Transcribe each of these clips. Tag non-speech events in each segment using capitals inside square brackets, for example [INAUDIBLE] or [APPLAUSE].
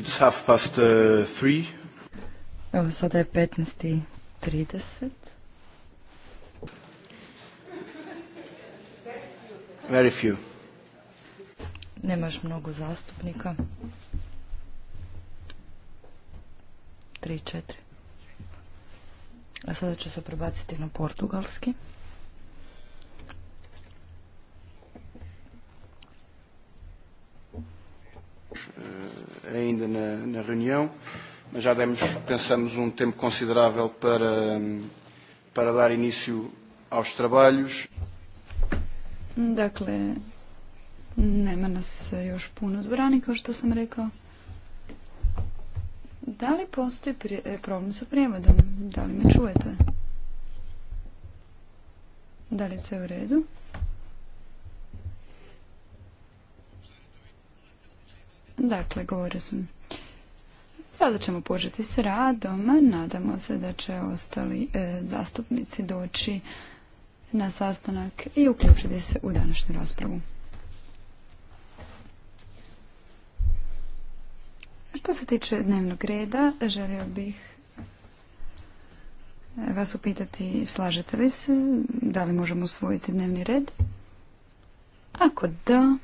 It's half past uh, three. Evo sada je 15.30. Very few. Nemaš mnogo zastupnika. Tri, četiri. A sada ću se prebaciti na portugalski. reunião, mas já demos, pensamos, um tempo considerável para, para dar início aos trabalhos. Dakle, nema nas još puno zbrani, kao što sam rekao. Da li postoji prije, e, problem sa prijevodom? Da li me čujete? Da li sve u redu? Dakle, govorio sam Sada ćemo početi s radom. Nadamo se da će ostali e, zastupnici doći na sastanak i uključiti se u današnju raspravu. Što se tiče dnevnog reda, želio bih e, vas upitati slažete li se, da li možemo usvojiti dnevni red? Ako da,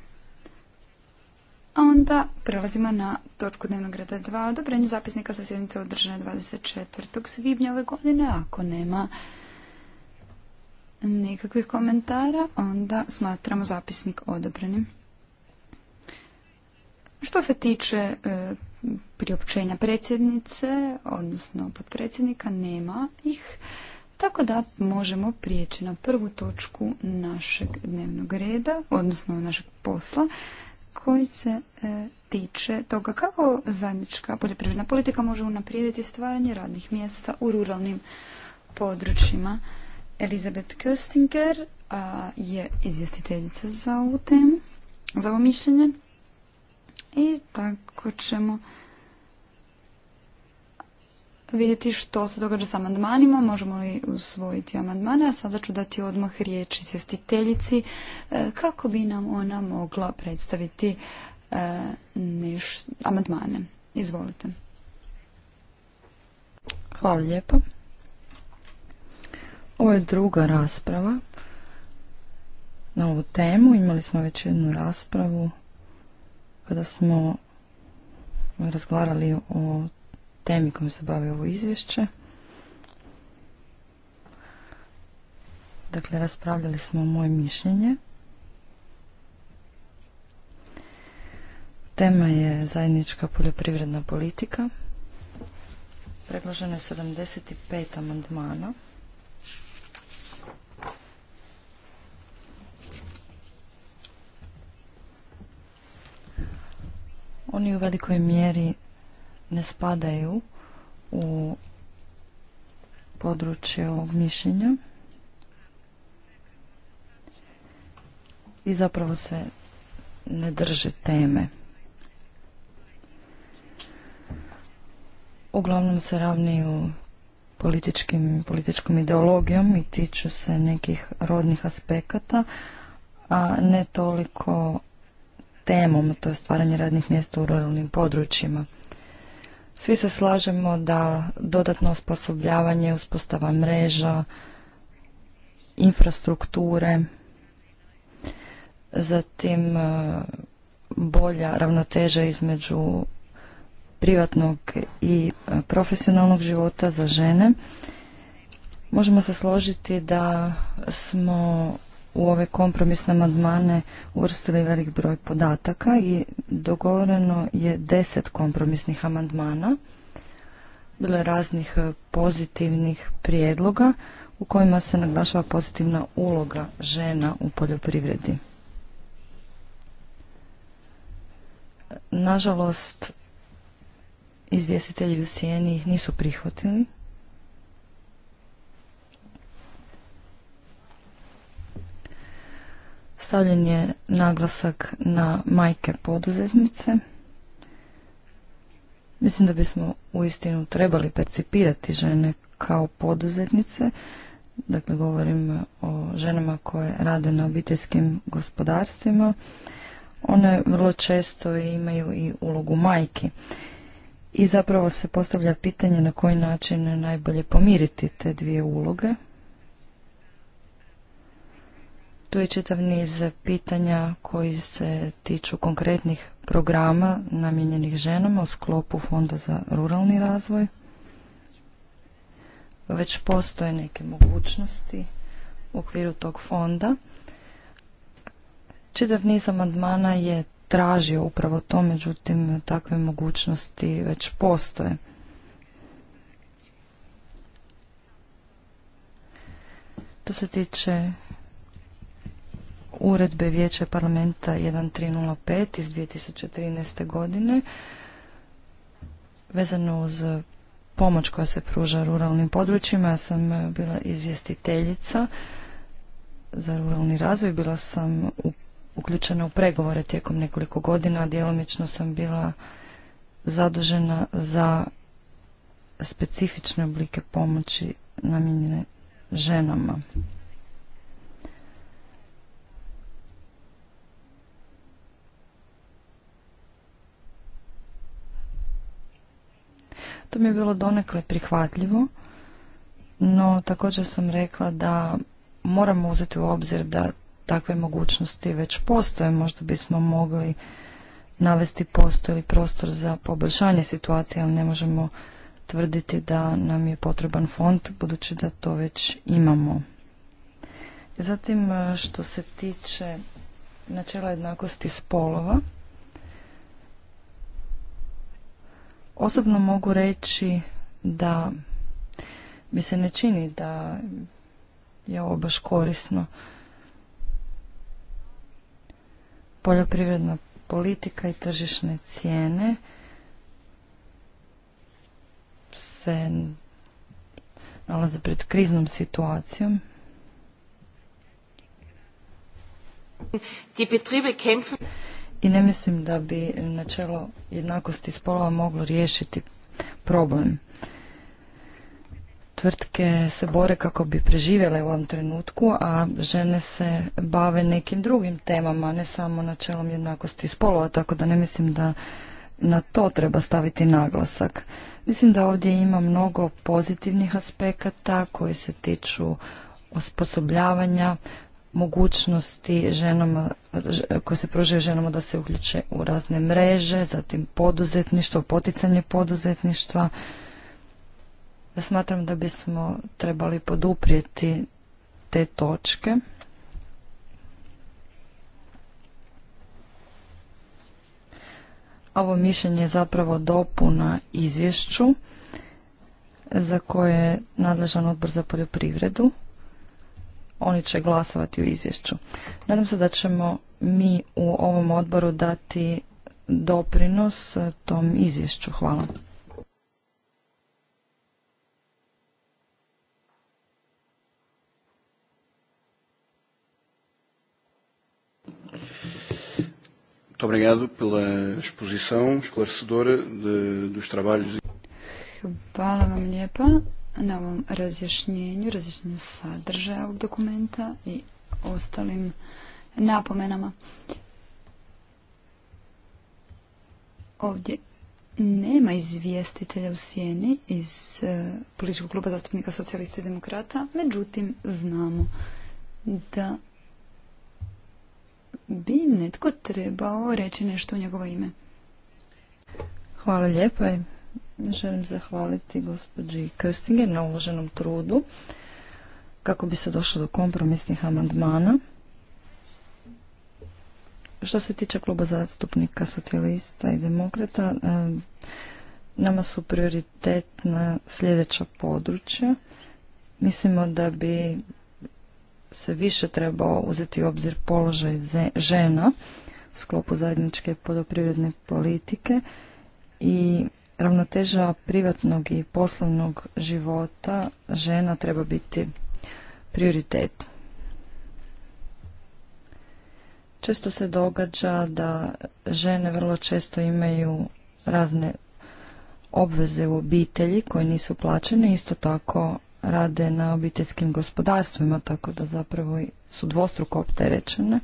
Onda prelazimo na točku dnevnog reda 2. Odobrenje zapisnika sa sjednice održane 24. svibnja ove godine. Ako nema nikakvih komentara, onda smatramo zapisnik odobrenim. Što se tiče e, priopćenja predsjednice, odnosno podpredsjednika, nema ih. Tako da možemo prijeći na prvu točku našeg dnevnog reda, odnosno našeg posla koji se e, tiče toga kako zajednička poljoprivredna politika može unaprijediti stvaranje radnih mjesta u ruralnim područjima. Elizabeth Köstinger je izvjestiteljica za ovu temu, za ovo mišljenje i tako ćemo vidjeti što se događa s amandmanima, možemo li usvojiti amandmane, a sada ću dati odmah riječ izvjestiteljici e, kako bi nam ona mogla predstaviti e, amandmane. Izvolite. Hvala lijepo. Ovo je druga rasprava na ovu temu. Imali smo već jednu raspravu kada smo razgovarali o temi kojom se bavi ovo izvješće. Dakle, raspravljali smo moje mišljenje. Tema je zajednička poljoprivredna politika. Predloženo je 75 amandmana. Oni u velikoj mjeri ne spadaju u područje ovog mišljenja i zapravo se ne drže teme. Uglavnom se ravniju političkim, političkom ideologijom i tiču se nekih rodnih aspekata, a ne toliko temom, to je stvaranje radnih mjesta u ruralnim područjima. Svi se slažemo da dodatno osposobljavanje, uspostava mreža, infrastrukture, zatim e, bolja ravnoteža između privatnog i e, profesionalnog života za žene. Možemo se složiti da smo u ove kompromisne amandmane uvrstili velik broj podataka i dogovoreno je deset kompromisnih amandmana. Bilo je raznih e, pozitivnih prijedloga u kojima se naglašava pozitivna uloga žena u poljoprivredi. Nažalost, izvjestitelji u Sijeni ih nisu prihvatili. Stavljen je naglasak na majke poduzetnice. Mislim da bismo istinu trebali percipirati žene kao poduzetnice. Dakle, govorim o ženama koje rade na obiteljskim gospodarstvima. One vrlo često imaju i ulogu majki. I zapravo se postavlja pitanje na koji način najbolje pomiriti te dvije uloge, tu je čitav niz pitanja koji se tiču konkretnih programa namijenjenih ženama u sklopu Fonda za ruralni razvoj. Već postoje neke mogućnosti u okviru tog fonda. Čitav niz amandmana je tražio upravo to, međutim takve mogućnosti već postoje. To se tiče uredbe Vijeća parlamenta 1305 iz 2013. godine vezano uz pomoć koja se pruža ruralnim područjima. Ja sam bila izvjestiteljica za ruralni razvoj. Bila sam uključena u pregovore tijekom nekoliko godina. Djelomično sam bila zadužena za specifične oblike pomoći namijenjene ženama. To mi je bilo donekle prihvatljivo, no također sam rekla da moramo uzeti u obzir da takve mogućnosti već postoje. Možda bismo mogli navesti postoji prostor za poboljšanje situacije, ali ne možemo tvrditi da nam je potreban fond, budući da to već imamo. Zatim, što se tiče načela jednakosti spolova, Osobno mogu reći da mi se ne čini da je ovo baš korisno. Poljoprivredna politika i tržišne cijene se nalaze pred kriznom situacijom. Die Betriebe kämpfen i ne mislim da bi načelo jednakosti spolova moglo riješiti problem. Tvrtke se bore kako bi preživjele u ovom trenutku, a žene se bave nekim drugim temama, ne samo načelom jednakosti spolova, tako da ne mislim da na to treba staviti naglasak. Mislim da ovdje ima mnogo pozitivnih aspekata koji se tiču osposobljavanja, mogućnosti ženama, koje se pružaju ženama da se uključe u razne mreže, zatim poduzetništvo, poticanje poduzetništva. Ja smatram da bismo trebali poduprijeti te točke. Ovo mišljenje je zapravo dopuna izvješću za koje je nadležan odbor za poljoprivredu oni će glasovati u izvješću. Nadam se da ćemo mi u ovom odboru dati doprinos tom izvješću. Hvala. Muito obrigado pela exposição esclarecedora de, dos trabalhos. Hvala vam lijepa na ovom razjašnjenju, razjašnjenju sadržaja ovog dokumenta i ostalim napomenama. Ovdje nema izvjestitelja u sjeni iz e, političkog kluba zastupnika socijalista i demokrata, međutim znamo da bi netko trebao reći nešto u njegovo ime. Hvala lijepa Želim zahvaliti gospođi Köstinger na uloženom trudu kako bi se došlo do kompromisnih amandmana. Što se tiče kluba zastupnika socijalista i demokrata, e, nama su prioritetna sljedeća područja. Mislimo da bi se više trebao uzeti u obzir položaj žena u sklopu zajedničke podoprivredne politike i ravnoteža privatnog i poslovnog života žena treba biti prioritet. Često se događa da žene vrlo često imaju razne obveze u obitelji koje nisu plaćene, isto tako rade na obiteljskim gospodarstvima, tako da zapravo su dvostruko opterećene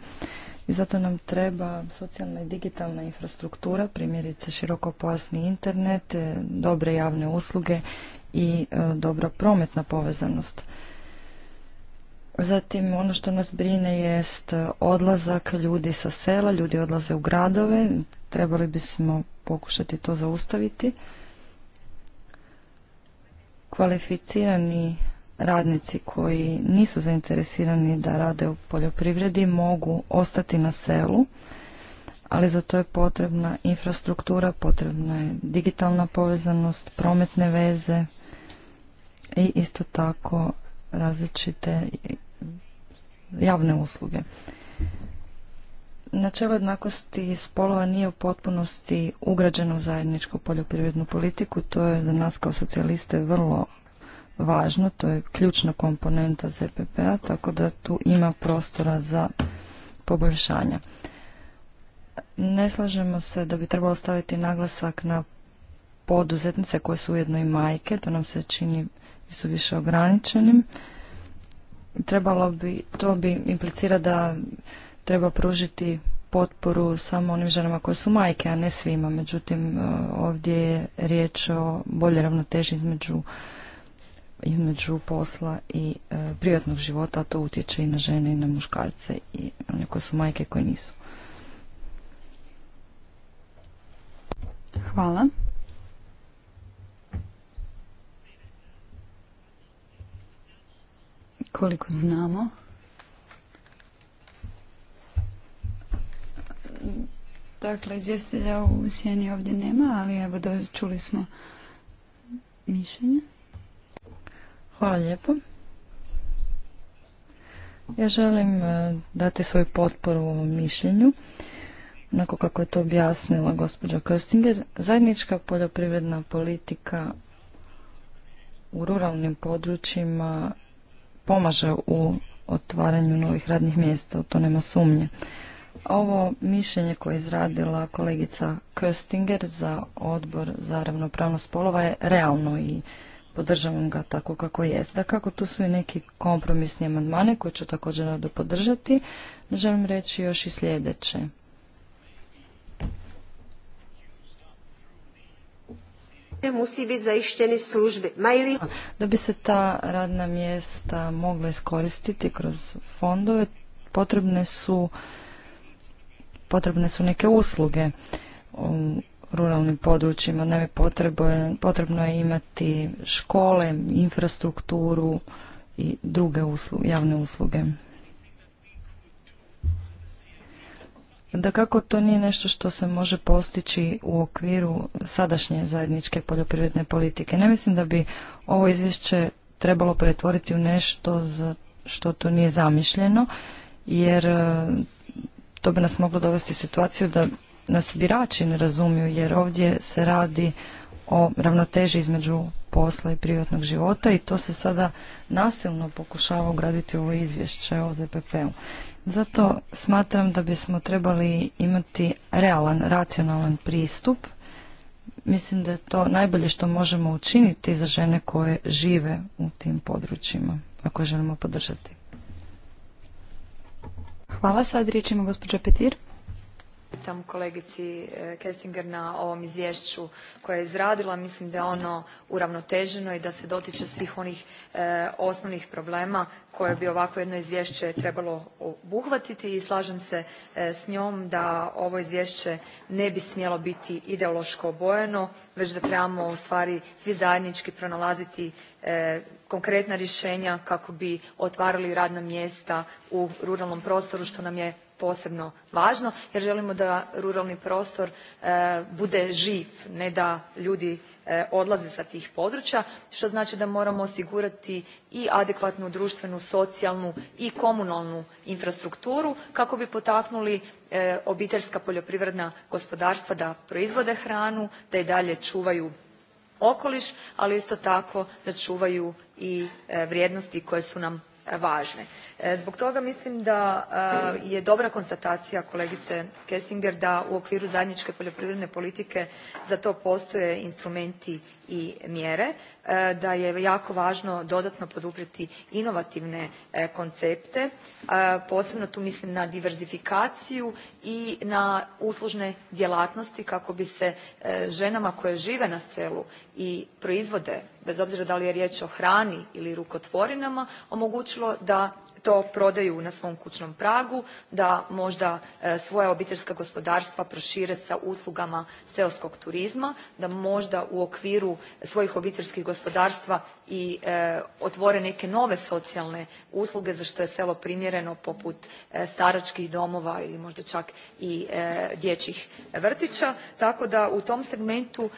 i zato nam treba socijalna i digitalna infrastruktura, primjerice širokopojasni internet, e, dobre javne usluge i e, dobra prometna povezanost. Zatim ono što nas brine jest e, odlazak ljudi sa sela, ljudi odlaze u gradove, trebali bismo pokušati to zaustaviti. Kvalificirani radnici koji nisu zainteresirani da rade u poljoprivredi mogu ostati na selu, ali za to je potrebna infrastruktura, potrebna je digitalna povezanost, prometne veze i isto tako različite javne usluge. Načelo jednakosti spolova nije u potpunosti ugrađeno u zajedničku poljoprivrednu politiku, to je za nas kao socijaliste vrlo važno, to je ključna komponenta ZPP-a, tako da tu ima prostora za poboljšanja. Ne slažemo se da bi trebalo staviti naglasak na poduzetnice koje su ujedno i majke, to nam se čini su više ograničenim. Trebalo bi, to bi implicira da treba pružiti potporu samo onim ženama koje su majke, a ne svima. Međutim, ovdje je riječ o bolje ravnoteži između između posla i e, privatnog života, to utječe i na žene i na muškarce i one koje su majke koje nisu. Hvala. Koliko znamo, dakle, izvjestitelja u Sjeni ovdje nema, ali evo, čuli smo mišljenje. Hvala lijepo. Ja želim e, dati svoju potporu u ovom mišljenju. Onako kako je to objasnila gospođa Köstinger, zajednička poljoprivredna politika u ruralnim područjima pomaže u otvaranju novih radnih mjesta, u to nema sumnje. Ovo mišljenje koje je izradila kolegica Köstinger za odbor za ravnopravnost spolova je realno i podržavam ga tako kako jest. Da kako tu su i neki kompromisni amandmane koje ću također rado podržati, želim reći još i sljedeće. Musi biti Da bi se ta radna mjesta mogla iskoristiti kroz fondove, potrebne su, potrebne su neke usluge um, ruralnim područjima. Naime, potrebno je imati škole, infrastrukturu i druge javne usluge. Da kako to nije nešto što se može postići u okviru sadašnje zajedničke poljoprivredne politike. Ne mislim da bi ovo izvješće trebalo pretvoriti u nešto za što to nije zamišljeno, jer e, to bi nas moglo dovesti u situaciju da nas birači ne razumiju jer ovdje se radi o ravnoteži između posla i privatnog života i to se sada nasilno pokušava ugraditi u ovo izvješće o ZPP-u. Zato smatram da bismo trebali imati realan, racionalan pristup. Mislim da je to najbolje što možemo učiniti za žene koje žive u tim područjima, ako želimo podržati. Hvala, sad riječ gospođa Petir. Tam kolegici e, Kestinger na ovom izvješću koje je izradila. Mislim da je ono uravnoteženo i da se dotiče svih onih e, osnovnih problema koje bi ovakvo jedno izvješće trebalo obuhvatiti i slažem se e, s njom da ovo izvješće ne bi smjelo biti ideološko obojeno već da trebamo ustvari svi zajednički pronalaziti konkretna rješenja kako bi otvarali radna mjesta u ruralnom prostoru što nam je posebno važno jer želimo da ruralni prostor e, bude živ, ne da ljudi e, odlaze sa tih područja što znači da moramo osigurati i adekvatnu društvenu, socijalnu i komunalnu infrastrukturu kako bi potaknuli e, obiteljska poljoprivredna gospodarstva da proizvode hranu, da i dalje čuvaju okoliš, ali isto tako da čuvaju i vrijednosti koje su nam važne. E, zbog toga mislim da e, je dobra konstatacija kolegice Kessinger da u okviru zajedničke poljoprivredne politike za to postoje instrumenti i mjere, E, da je jako važno dodatno poduprijeti inovativne e, koncepte, e, posebno tu mislim na diverzifikaciju i na uslužne djelatnosti kako bi se ženama koje žive na selu i proizvode, bez obzira da li je riječ o hrani ili rukotvorinama, omogućilo da to prodaju na svom kućnom pragu, da možda e, svoja obiteljska gospodarstva prošire sa uslugama seoskog turizma, da možda u okviru svojih obiteljskih gospodarstva i e, otvore neke nove socijalne usluge za što je selo primjereno poput e, staračkih domova ili možda čak i dječjih vrtića. Tako da u tom segmentu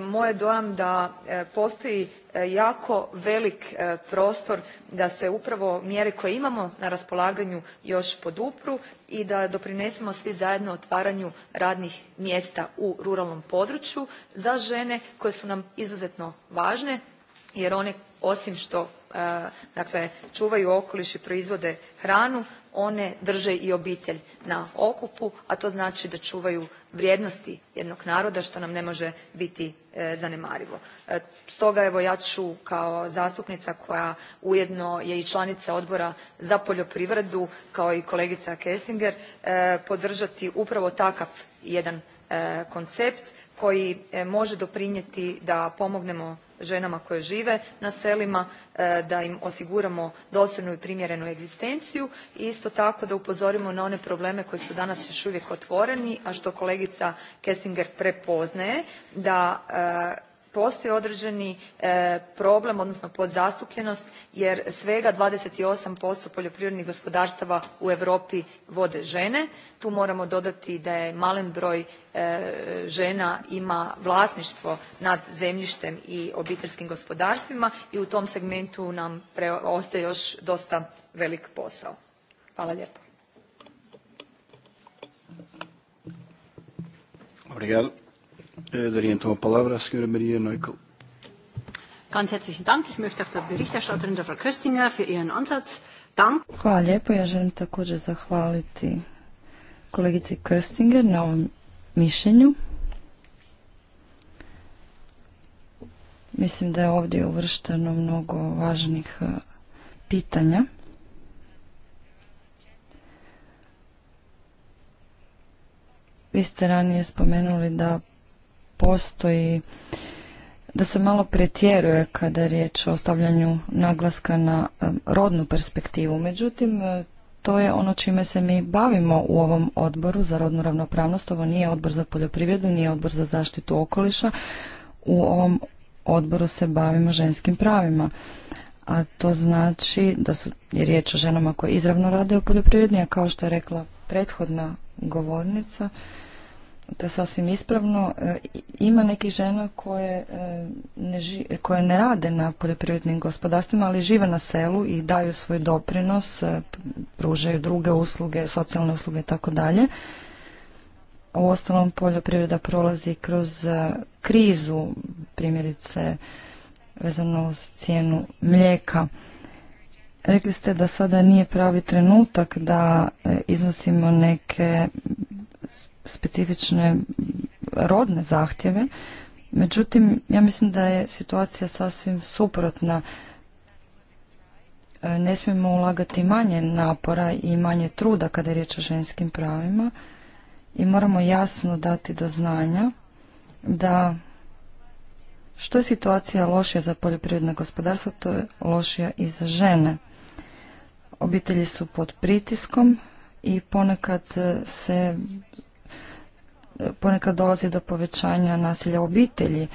moj je dojam da postoji jako velik e, prostor da se upravo mjere koje imamo na raspolaganju još podupru i da doprinesemo svi zajedno otvaranju radnih mjesta u ruralnom području za žene koje su nam izuzetno važne jer one osim što e, dakle čuvaju okoliš i proizvode hranu one drže i obitelj na okupu, a to znači da čuvaju vrijednosti jednog naroda što nam ne može biti e, zanemarivo. E, stoga evo ja ću kao zastupnica koja ujedno je i članica Odbora za poljoprivredu kao i kolegica Kessinger e, podržati upravo takav jedan koncept koji može doprinijeti da pomognemo ženama koje žive na selima e, da im osiguramo dostojnu i primjerenu egzistenciju i isto tako da upozorimo na one probleme koji su danas još uvijek otvoreni a što kolegica Kestinger prepoznaje da e, postoji određeni e, problem odnosno podzastupljenost jer svega twenty eight poljoprivrednih gospodarstava u europi vode žene tu moramo dodati da je malen broj e, žena ima vlasništvo nad zemljištem i obiteljskim gospodarstvima i u tom segmentu nam preostaje još dosta velik posao. Hvala lijepo. Äh, daría a palabra a señora Neukel. Ganz herzlichen Dank. Ich möchte auch der Berichterstatterin, der Frau Köstinger, für ihren Ansatz. Hvala lijepo. Ja želim također zahvaliti kolegici Köstinger na ovom mišljenju. Mislim da je ovdje uvršteno mnogo važnih e, pitanja. Vi ste ranije spomenuli da postoji da se malo pretjeruje kada je riječ o stavljanju naglaska na rodnu perspektivu. Međutim, e, to je ono čime se mi bavimo u ovom odboru za rodnu ravnopravnost. Ovo nije odbor za poljoprivredu, nije odbor za zaštitu okoliša. U ovom odboru se bavimo ženskim pravima. A to znači da su, je riječ o ženama koje izravno rade u poljoprivredni, a kao što je rekla prethodna govornica, to je sasvim ispravno, e, ima nekih žena koje e, ne, koje ne rade na poljoprivrednim gospodarstvima, ali žive na selu i daju svoj doprinos, e, pružaju druge usluge, socijalne usluge i tako dalje. U ostalom poljoprivreda prolazi kroz krizu, primjerice vezano uz cijenu mlijeka. Rekli ste da sada nije pravi trenutak da iznosimo neke specifične rodne zahtjeve. Međutim, ja mislim da je situacija sasvim suprotna. E, ne smijemo ulagati manje napora i manje truda kada je riječ o ženskim pravima i moramo jasno dati do znanja da što je situacija lošija za poljoprivredno gospodarstvo, to je lošija i za žene. Obitelji su pod pritiskom i ponekad e, se ponekad dolazi do povećanja nasilja u obitelji.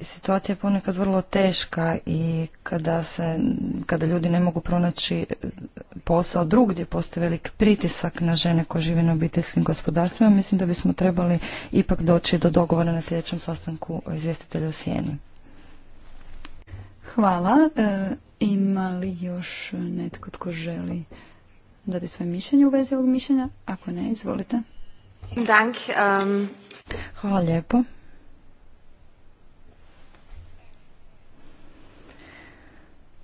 Situacija je ponekad vrlo teška i kada, se, kada ljudi ne mogu pronaći e, posao drugdje, postoji velik pritisak na žene koje žive na obiteljskim gospodarstvima. Mislim da bismo trebali ipak doći do dogovora na sljedećem sastanku izvjestitelja u Sijeni. Hvala. E, ima li još netko tko želi dati svoje mišljenje u vezi ovog mišljenja? Ako ne, izvolite. Dank. Ähm. Hvala lijepo.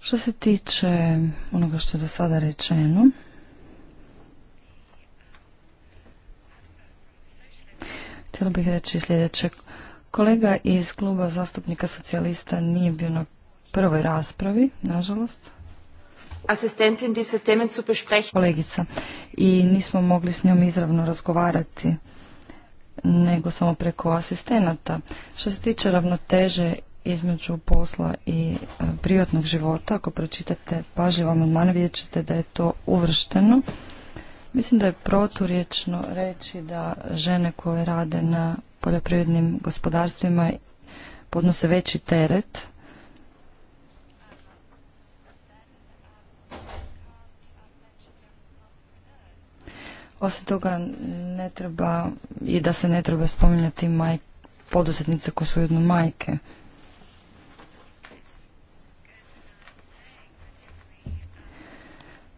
Što se tiče onoga što je do sada rečeno, htjela bih reći sljedeće. Kolega iz kluba zastupnika socijalista nije bio na prvoj raspravi, nažalost asistentin diese Themen zu besprechen. Kolegica i nismo mogli s njom izravno razgovarati nego samo preko asistenata. Što se tiče ravnoteže između posla i e, privatnog života, ako pročitate pažljivo amandman, vidjet ćete da je to uvršteno. Mislim da je proturječno reći da žene koje rade na poljoprivrednim gospodarstvima podnose veći teret Osim toga ne treba i da se ne treba spominjati maj, poduzetnice koje su jedno majke.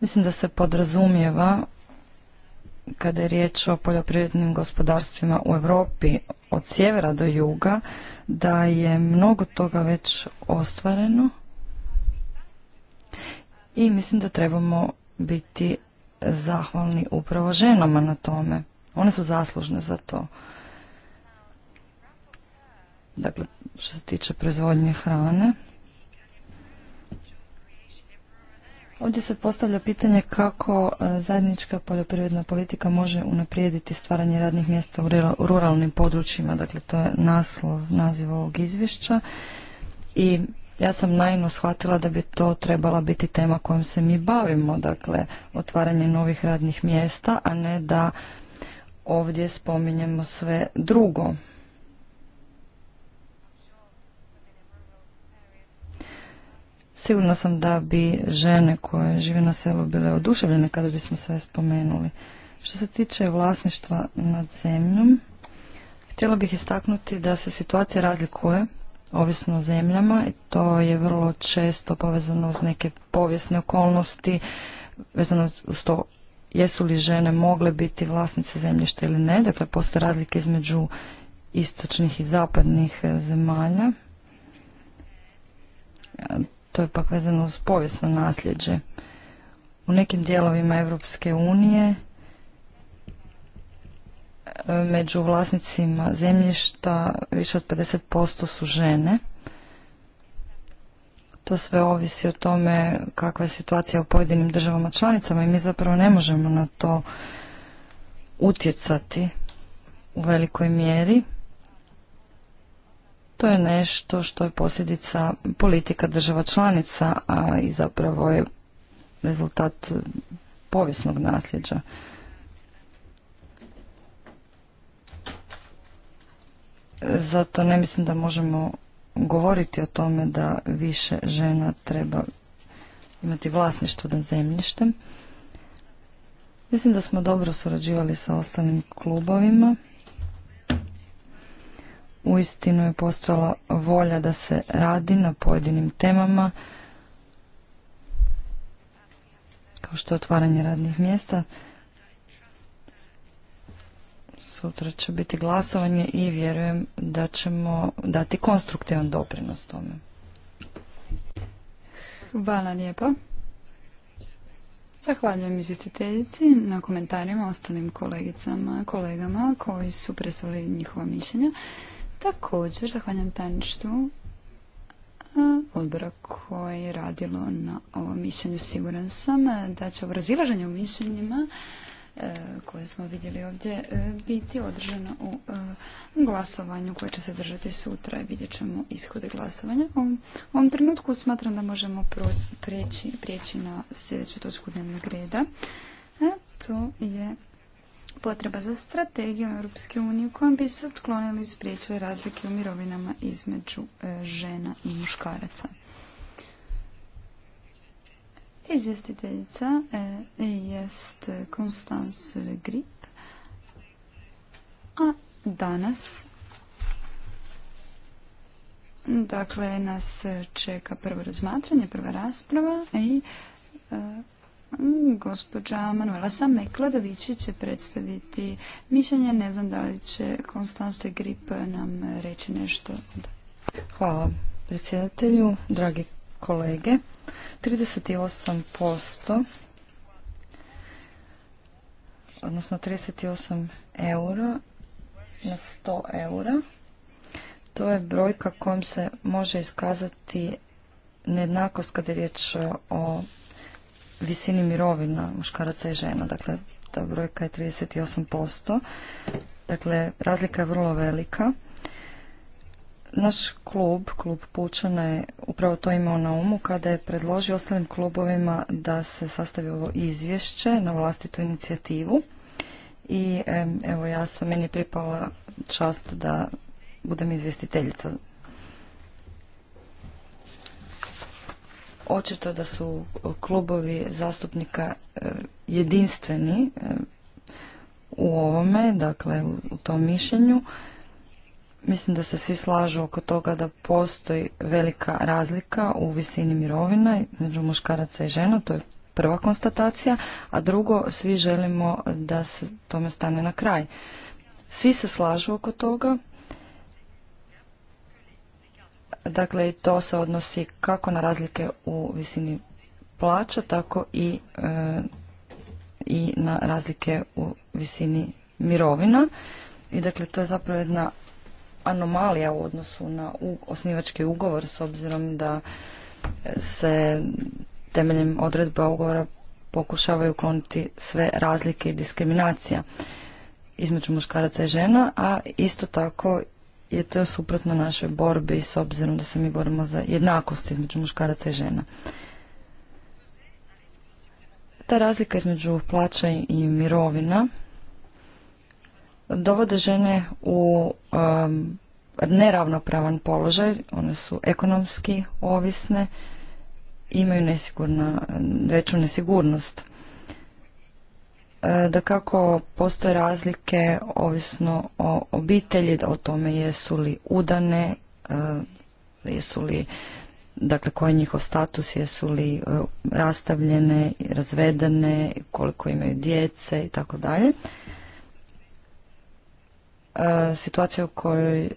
Mislim da se podrazumijeva kada je riječ o poljoprivrednim gospodarstvima u Europi od sjevera do juga da je mnogo toga već ostvareno i mislim da trebamo biti zahvalni upravo ženama na tome. One su zaslužne za to. Dakle, što se tiče proizvodnje hrane. Ovdje se postavlja pitanje kako e, zajednička poljoprivredna politika može unaprijediti stvaranje radnih mjesta u ruralnim područjima. Dakle, to je naslov, naziv ovog izvješća. I ja sam naivno shvatila da bi to trebala biti tema kojom se mi bavimo, dakle otvaranje novih radnih mjesta, a ne da ovdje spominjemo sve drugo. Sigurna sam da bi žene koje žive na selu bile oduševljene kada bismo sve spomenuli. Što se tiče vlasništva nad zemljom, htjela bih istaknuti da se situacija razlikuje ovisno o zemljama i to je vrlo često povezano uz neke povijesne okolnosti, vezano uz to jesu li žene mogle biti vlasnice zemljišta ili ne, dakle postoje razlike između istočnih i zapadnih e, zemalja. To je pak vezano uz povijesno nasljeđe. U nekim dijelovima Europske unije među vlasnicima zemljišta više od 50% su žene. To sve ovisi o tome kakva je situacija u pojedinim državama članicama i mi zapravo ne možemo na to utjecati u velikoj mjeri. To je nešto što je posljedica politika država članica, a i zapravo je rezultat povijesnog nasljeđa. Zato ne mislim da možemo govoriti o tome da više žena treba imati vlasništvo nad zemljištem. Mislim da smo dobro surađivali sa ostalim klubovima. Uistinu je postojala volja da se radi na pojedinim temama, kao što je otvaranje radnih mjesta. Sutra će biti glasovanje i vjerujem da ćemo dati konstruktivan doprinos tome. Hvala lijepo. Zahvaljujem izvjestiteljici na komentarima ostalim kolegicama, kolegama koji su predstavili njihova mišljenja. Također, zahvaljujem tajništvu odbora koje je radilo na ovom mišljenju. Siguran sam da će u u mišljenjima koje smo vidjeli ovdje e, biti održana u e, glasovanju koje će se držati sutra i vidjet ćemo ishode glasovanja. U ovom trenutku smatram da možemo prijeći na sljedeću točku dnevnog reda. E, to je potreba za strategijom Europske unije kojom bi se otklonili i spriječili razlike u mirovinama između žena i muškaraca. Izvjestiteljica e, jest Konstans Grip, a danas dakle nas čeka prvo razmatranje, prva rasprava i e, Gospođa Manuela Samekladovići će predstaviti mišljenje. Ne znam da li će Konstans Grip nam reći nešto. Hvala predsjedatelju, dragi kolege. 38% odnosno 38 eura na 100 eura. To je brojka kojom se može iskazati nejednakost kada je riječ o visini mirovina muškaraca i žena. Dakle, ta brojka je 38%. Dakle, razlika je vrlo velika. Naš klub, klub Pučane, je upravo to imao na umu kada je predložio ostalim klubovima da se sastavi ovo izvješće na vlastitu inicijativu. I evo ja sam, meni je pripala čast da budem izvjestiteljica. Očito da su klubovi zastupnika eh, jedinstveni eh, u ovome, dakle u tom mišljenju Mislim da se svi slažu oko toga da postoji velika razlika u visini mirovina među muškaraca i žena, to je prva konstatacija, a drugo, svi želimo da se tome stane na kraj. Svi se slažu oko toga, dakle i to se odnosi kako na razlike u visini plaća, tako i, e, i na razlike u visini mirovina. I dakle, to je zapravo jedna anomalija u odnosu na osnivački ugovor s obzirom da se temeljem odredba ugovora pokušavaju ukloniti sve razlike i diskriminacija između muškaraca i žena, a isto tako je to suprotno našoj borbi s obzirom da se mi borimo za jednakost između muškaraca i žena. Ta razlika između plaća i mirovina dovode žene u um, neravnopravan položaj, one su ekonomski ovisne, imaju veću nesigurnost. E, da kako postoje razlike ovisno o obitelji, o tome jesu li udane, e, jesu li, dakle koji je njihov status, jesu li e, rastavljene, razvedene, koliko imaju djece i tako dalje. E, situacija u kojoj e,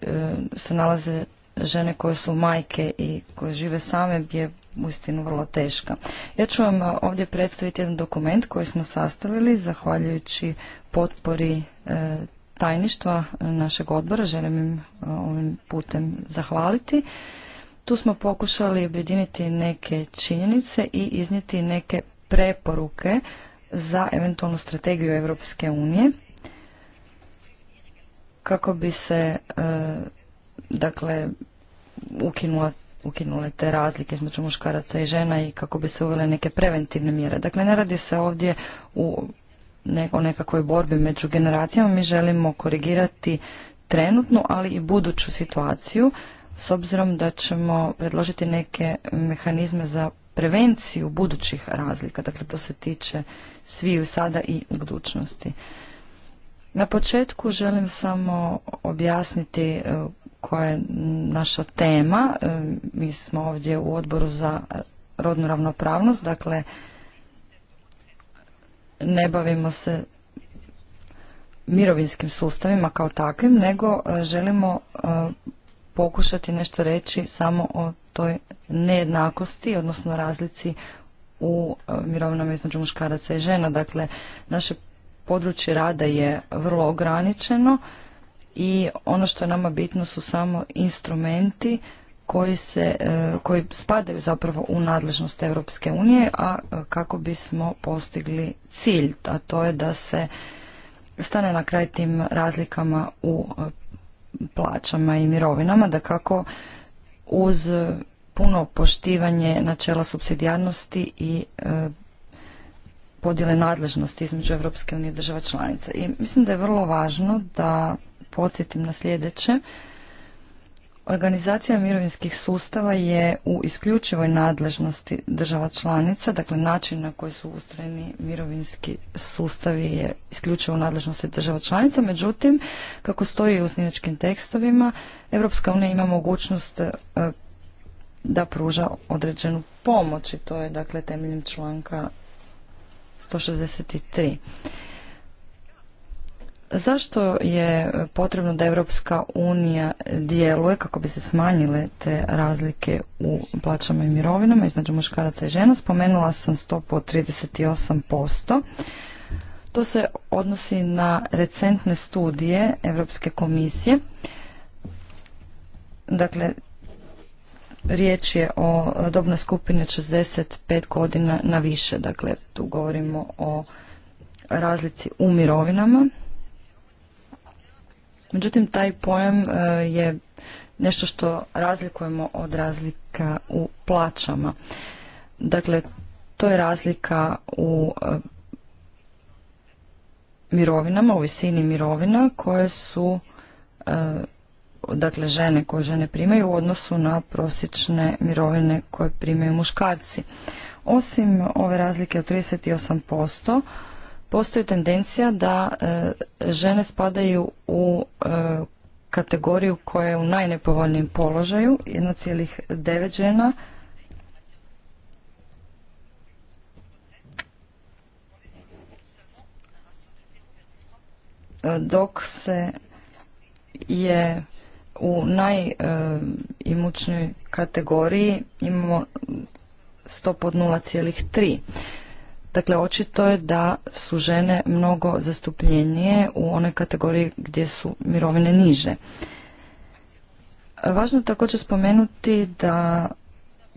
se nalaze žene koje su majke i koje žive same je uistinu vrlo teška. Ja ću vam ovdje predstaviti jedan dokument koji smo sastavili zahvaljujući potpori e, tajništva našeg odbora. Želim im ovim putem zahvaliti. Tu smo pokušali objediniti neke činjenice i iznijeti neke preporuke za eventualnu strategiju Europske unije kako bi se e, dakle ukinula ukinule te razlike između muškaraca i žena i kako bi se uvele neke preventivne mjere. Dakle, ne radi se ovdje u o nekakvoj borbi među generacijama. Mi želimo korigirati trenutnu, ali i buduću situaciju s obzirom da ćemo predložiti neke mehanizme za prevenciju budućih razlika. Dakle, to se tiče sviju sada i budućnosti. Na početku želim samo objasniti e, koja je naša tema. E, mi smo ovdje u odboru za rodnu ravnopravnost, dakle ne bavimo se mirovinskim sustavima kao takvim, nego e, želimo pokušati nešto reći samo o toj nejednakosti, odnosno razlici u mirovinama između muškaraca i žena. Dakle, naše područje rada je vrlo ograničeno i ono što je nama bitno su samo instrumenti koji, se, e, koji spadaju zapravo u nadležnost Europske unije, a e, kako bismo postigli cilj, a to je da se stane na kraj tim razlikama u e, plaćama i mirovinama, da kako uz puno poštivanje načela subsidijarnosti i podjele nadležnosti između Europske unije i država članica. I mislim da je vrlo važno da podsjetim na sljedeće. Organizacija mirovinskih sustava je u isključivoj nadležnosti država članica, dakle način na koji su ustrojeni mirovinski sustavi je isključivo u nadležnosti država članica, međutim, kako stoji u snimačkim tekstovima, Europska unija ima mogućnost e, da pruža određenu pomoć i to je dakle temeljem članka 163. Zašto je potrebno da Europska unija djeluje kako bi se smanjile te razlike u plaćama i mirovinama između muškaraca i žena? Spomenula sam stopu od 38%. To se odnosi na recentne studije Europske komisije. Dakle, Riječ je o e, dobnoj skupini 65 godina na više, dakle tu govorimo o razlici u mirovinama. Međutim, taj pojam e, je nešto što razlikujemo od razlika u plaćama. Dakle, to je razlika u e, mirovinama, u visini mirovina koje su dakle žene koje žene primaju u odnosu na prosječne mirovine koje primaju muškarci. Osim ove razlike od 38%, postoji tendencija da e, žene spadaju u e, kategoriju koja je u najnepovoljnijem položaju, 1,9 žena e, dok se je u najimućnoj e, kategoriji imamo stopu od 0,3. Dakle, očito je da su žene mnogo zastupljenije u onoj kategoriji gdje su mirovine niže. Važno je također spomenuti da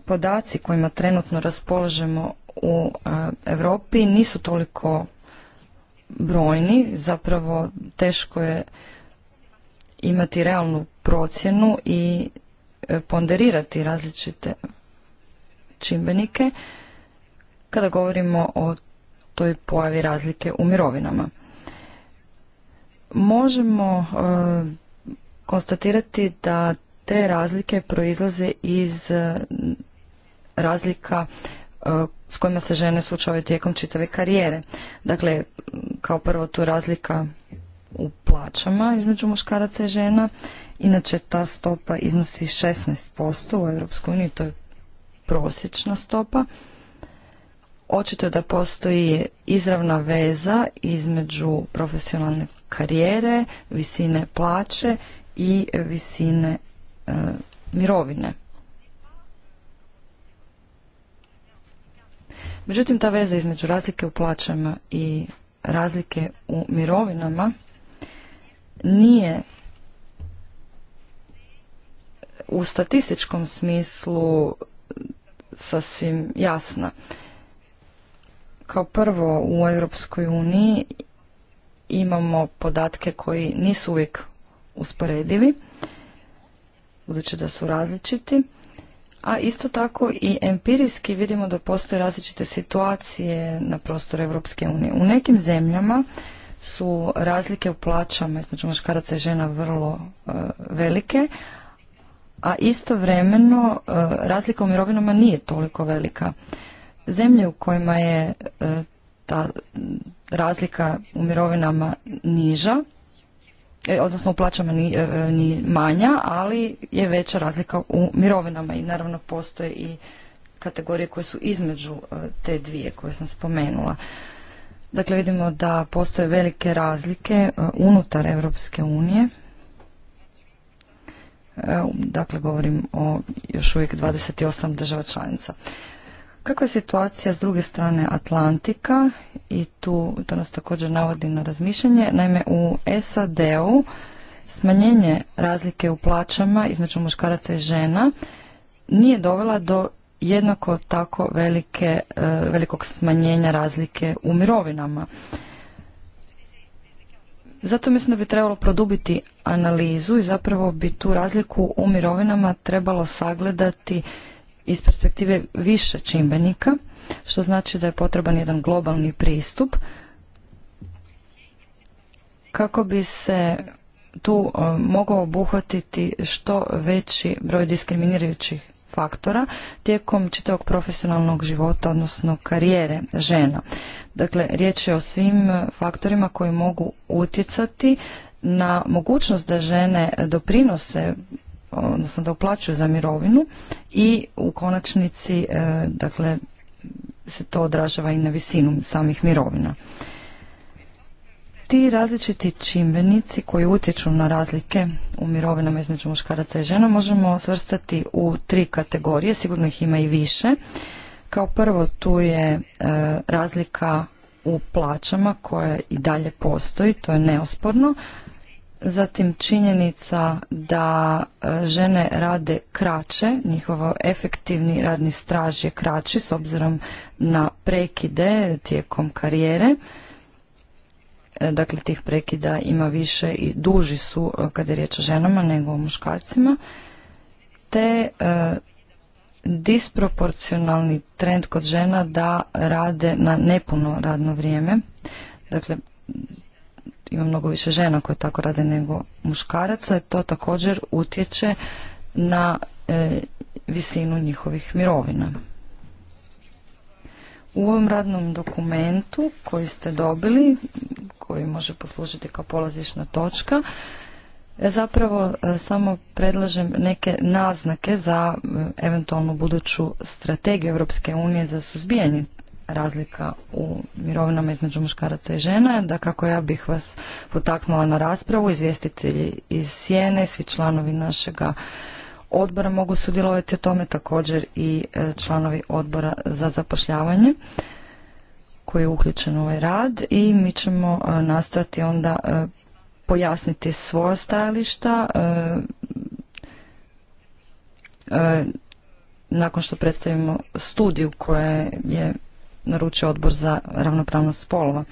podaci kojima trenutno raspolažemo u e, Europi nisu toliko brojni, zapravo teško je imati realnu procjenu i e, ponderirati različite čimbenike kada govorimo o toj pojavi razlike u mirovinama. Možemo e, konstatirati da te razlike proizlaze iz e, razlika s kojima se žene suočavaju tijekom čitave karijere. Dakle, kao prvo tu razlika u plaćama između muškaraca i žena. Inače ta stopa iznosi 16% u EU, to je prosječna stopa. Očito je da postoji izravna veza između profesionalne karijere, visine plaće i visine e, mirovine. Međutim, ta veza između razlike u plaćama i razlike u mirovinama nije u statističkom smislu sasvim jasna. Kao prvo u Europskoj uniji imamo podatke koji nisu uvijek usporedivi, budući da su različiti, a isto tako i empirijski vidimo da postoje različite situacije na prostoru Europske unije. U nekim zemljama su razlike u plaćama između muškaraca i žena vrlo e, velike, a istovremeno e, razlika u mirovinama nije toliko velika. Zemlje u kojima je e, ta razlika u mirovinama niža, odnosno u plaćama ni, ni manja, ali je veća razlika u mirovinama i naravno postoje i kategorije koje su između te dvije koje sam spomenula. Dakle, vidimo da postoje velike razlike e, unutar Europske unije. E, dakle, govorim o još uvijek 28 država članica. Kakva je situacija s druge strane Atlantika i tu to nas također navodi na razmišljanje. Naime, u SAD-u smanjenje razlike u plaćama između muškaraca i žena nije dovela do jednako tako velike, e, velikog smanjenja razlike u mirovinama. Zato mislim da bi trebalo produbiti analizu i zapravo bi tu razliku u mirovinama trebalo sagledati iz perspektive više čimbenika, što znači da je potreban jedan globalni pristup kako bi se tu e, mogao obuhvatiti što veći broj diskriminirajućih faktora tijekom čitavog profesionalnog života, odnosno karijere žena. Dakle, riječ je o svim faktorima koji mogu utjecati na mogućnost da žene doprinose odnosno da uplaćuju za mirovinu i u konačnici e, dakle se to odražava i na visinu samih mirovina. Ti različiti čimbenici koji utječu na razlike u mirovinama između muškaraca i žena možemo svrstati u tri kategorije, sigurno ih ima i više. Kao prvo tu je e, razlika u plaćama koja i dalje postoji, to je neosporno. Zatim činjenica da e, žene rade kraće, njihov efektivni radni straž je kraći s obzirom na prekide tijekom karijere. E, dakle tih prekida ima više i duži su e, kada je riječ o ženama nego o muškarcima, te e, disproporcionalni trend kod žena da rade na nepuno radno vrijeme. Dakle, ima mnogo više žena koje tako rade nego muškaraca, to također utječe na visinu njihovih mirovina. U ovom radnom dokumentu koji ste dobili, koji može poslužiti kao polazišna točka, zapravo e, samo predlažem neke naznake za e, eventualnu buduću strategiju Europske unije za suzbijanje razlika u mirovinama između muškaraca i žena. Da kako ja bih vas potaknula na raspravu, izvjestitelji iz Sjene, svi članovi našega odbora mogu sudjelovati u tome također i e, članovi odbora za zapošljavanje koji je uključen u ovaj rad i mi ćemo e, nastojati onda e, pojasniti svoja stajališta nakon što predstavimo studiju koja je naručio odbor za ravnopravnost spolova.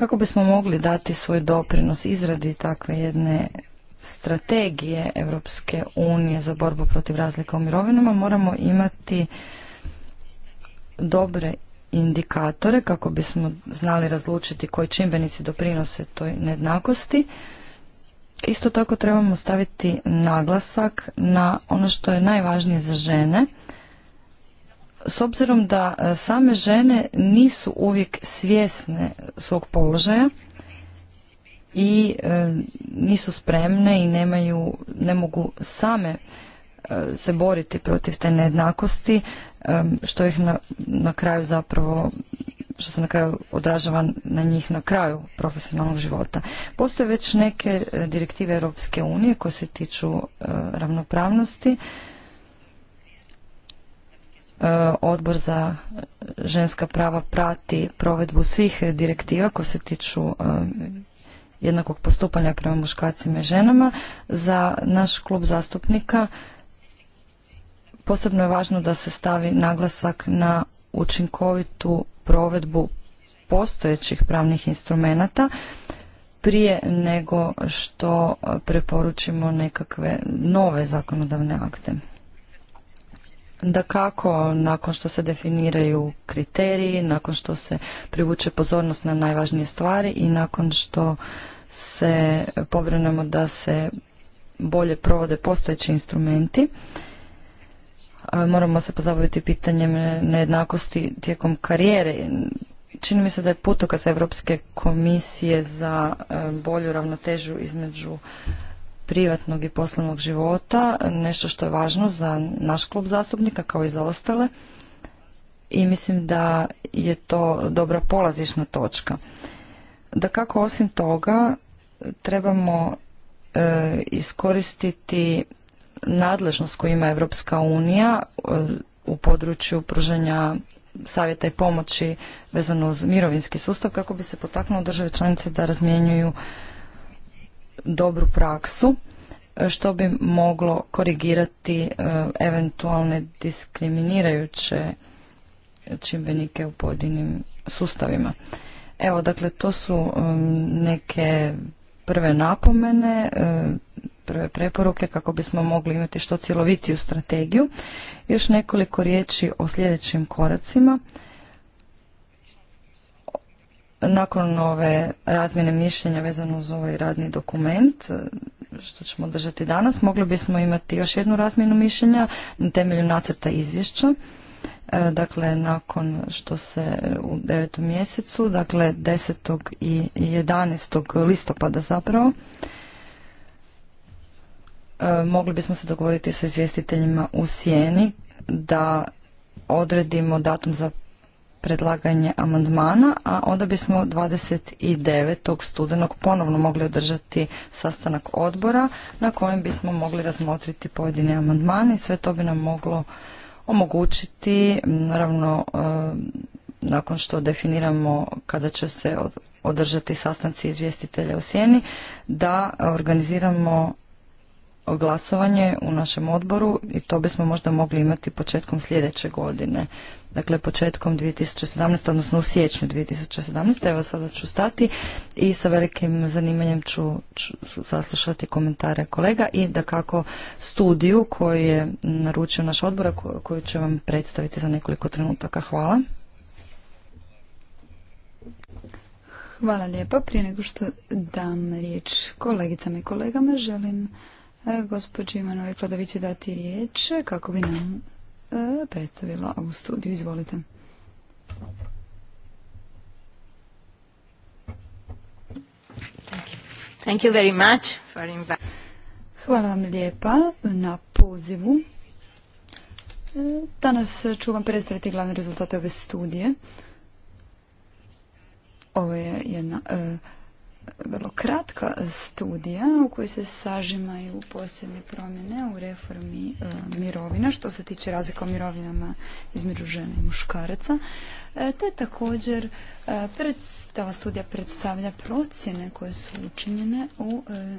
kako bismo mogli dati svoj doprinos izradi takve jedne strategije Europske unije za borbu protiv razlika u mirovinama moramo imati dobre indikatore kako bismo znali razlučiti koji čimbenici doprinose toj nejednakosti. Isto tako trebamo staviti naglasak na ono što je najvažnije za žene, s obzirom da e, same žene nisu uvijek svjesne svog položaja i e, nisu spremne i nemaju, ne mogu same e, se boriti protiv te nejednakosti što ih na, na kraju zapravo što se na kraju odražava na njih na kraju profesionalnog života. Postoje već neke direktive Europske unije koje se tiču ravnopravnosti E, odbor za ženska prava prati provedbu svih direktiva koje se tiču e, jednakog postupanja prema muškacima i ženama. Za naš klub zastupnika posebno je važno da se stavi naglasak na učinkovitu provedbu postojećih pravnih instrumenata prije nego što preporučimo nekakve nove zakonodavne akte. Da kako, nakon što se definiraju kriteriji, nakon što se privuče pozornost na najvažnije stvari i nakon što se pobrinemo da se bolje provode postojeći instrumenti, moramo se pozabaviti pitanjem nejednakosti tijekom karijere. Čini mi se da je putokaz Europske komisije za e, bolju ravnotežu između privatnog i poslovnog života, nešto što je važno za naš klub zastupnika kao i za ostale i mislim da je to dobra polazišna točka. Da kako osim toga trebamo e, iskoristiti nadležnost koju ima Europska unija e, u području pružanja savjeta i pomoći vezano uz mirovinski sustav kako bi se potaknulo države članice da razmjenjuju dobru praksu e, što bi moglo korigirati e, eventualne diskriminirajuće čimbenike u pojedinim sustavima. Evo, dakle, to su e, neke prve napomene, prve preporuke kako bismo mogli imati što cjelovitiju strategiju. Još nekoliko riječi o sljedećim koracima nakon ove razmjene mišljenja vezano uz ovaj radni dokument e, što ćemo držati danas, mogli bismo imati još jednu razmjenu mišljenja na temelju nacrta izvješća. E, dakle, nakon što se u devetom mjesecu, dakle 10. i 11. listopada zapravo, e, mogli bismo se dogovoriti sa izvjestiteljima u Sijeni da odredimo datum za predlaganje amandmana, a onda bismo 29. studenog ponovno mogli održati sastanak odbora na kojem bismo mogli razmotriti pojedine amandmane i sve to bi nam moglo omogućiti, naravno eh, nakon što definiramo kada će se održati sastanci izvjestitelja u Sjeni, da organiziramo glasovanje u našem odboru i to bismo možda mogli imati početkom sljedeće godine dakle početkom 2017. odnosno u siječnju 2017. Evo sada ću stati i sa velikim zanimanjem ću, ću saslušati komentare kolega i da kako studiju koju je naručio naš odbor koju ću vam predstaviti za nekoliko trenutaka. Hvala. Hvala lijepa. Prije nego što dam riječ kolegicama i kolegama, želim e, gospođi Manoli Kladovići dati riječ kako bi nam E, predstavila ovu studiju. Izvolite. Thank you very Hvala vam lijepa na pozivu. E, danas ću vam predstaviti glavne rezultate ove studije. Ovo je jedna e, vrlo kratka studija u kojoj se sažimaju posljednje promjene u reformi e, mirovina što se tiče razlika u mirovinama između žene i muškaraca e, te također e, studija predstavlja procjene koje su učinjene u e,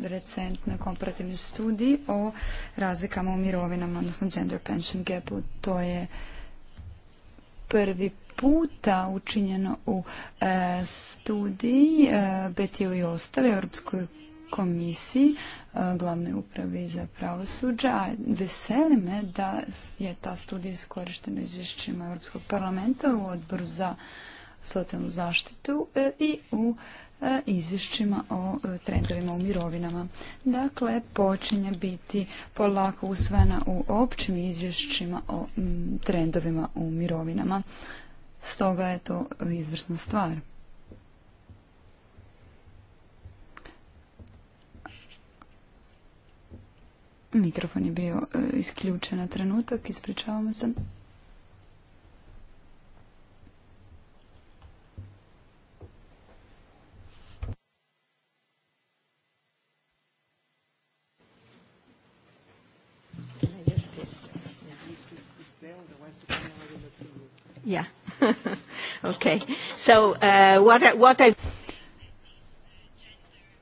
recentnoj komparativnoj studiji o razlikama u mirovinama odnosno gender pension gapu to je prvi puta učinjeno u e, studiji e, i ostale Europskoj komisiji, e, glavnoj upravi za pravosuđa. A veseli me da je ta studija iskorištena u izvješćima Europskog parlamenta u odboru za socijalnu zaštitu e, i u izvješćima o trendovima u mirovinama. Dakle, počinje biti polako usvajana u općim izvješćima o trendovima u mirovinama. Stoga je to izvrsna stvar. Mikrofon je bio e, isključen na trenutak, ispričavamo se. Yeah. [LAUGHS] Ok, uh,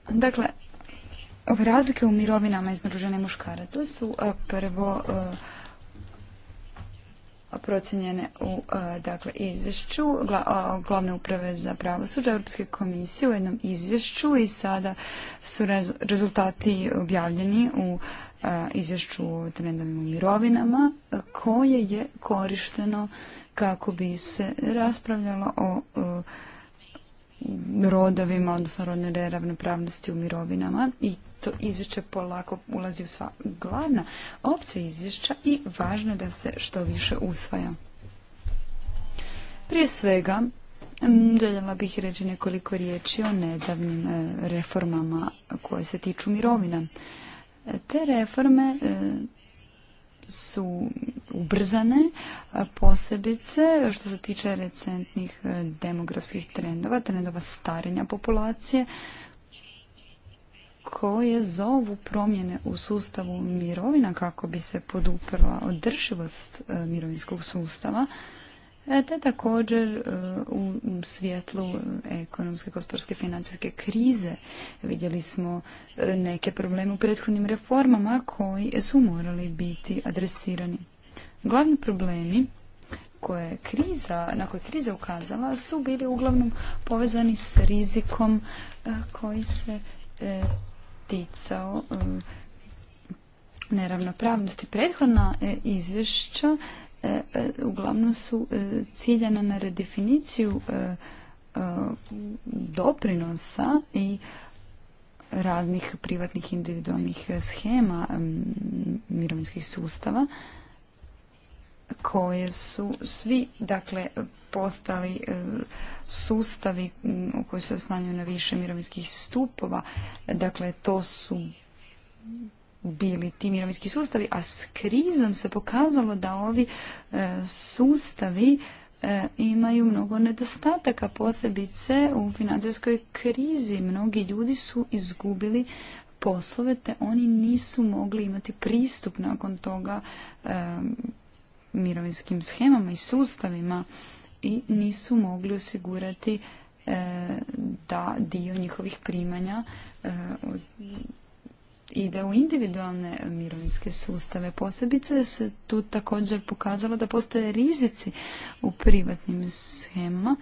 Dakle, ove razlike u mirovinama između žene i muškaraca su uh, prvo uh, procijenjene u dakle, izvješću glavne uprave za pravosuđe Europske komisije u jednom izvješću i sada su rezultati objavljeni u izvješću o trendovima u mirovinama koje je korišteno kako bi se raspravljalo o rodovima, odnosno rodne neravnopravnosti u mirovinama i to izvješće polako ulazi u sva glavna opcija izvješća i važno je da se što više usvaja. Prije svega, željela bih reći nekoliko riječi o nedavnim e, reformama koje se tiču mirovina. Te reforme e, su ubrzane, e, posebice što se tiče recentnih e, demografskih trendova, trendova starenja populacije, koje zovu promjene u sustavu mirovina kako bi se poduprla održivost mirovinskog sustava E, te također e, u svjetlu ekonomske, gospodarske, financijske krize vidjeli smo e, neke probleme u prethodnim reformama koji su morali biti adresirani. Glavni problemi koje kriza, na koje je kriza ukazala su bili uglavnom povezani s rizikom koji se ticao neravnopravnosti. Prethodna izvješća E, e, uglavnom su e, ciljena na redefiniciju doprinosa i raznih privatnih individualnih schema mirovinskih sustava koje su svi dakle postali sustavi u koji se oslanjaju na više mirovinskih stupova. Dakle, to su bili ti mirovinski sustavi, a s krizom se pokazalo da ovi e, sustavi e, imaju mnogo nedostataka, posebice u financijskoj krizi. Mnogi ljudi su izgubili poslove, te oni nisu mogli imati pristup nakon toga e, mirovinskim schemama i sustavima i nisu mogli osigurati da dio njihovih primanja ide u individualne mirovinske sustave. Posebice se tu također pokazalo da postoje rizici u privatnim schemama.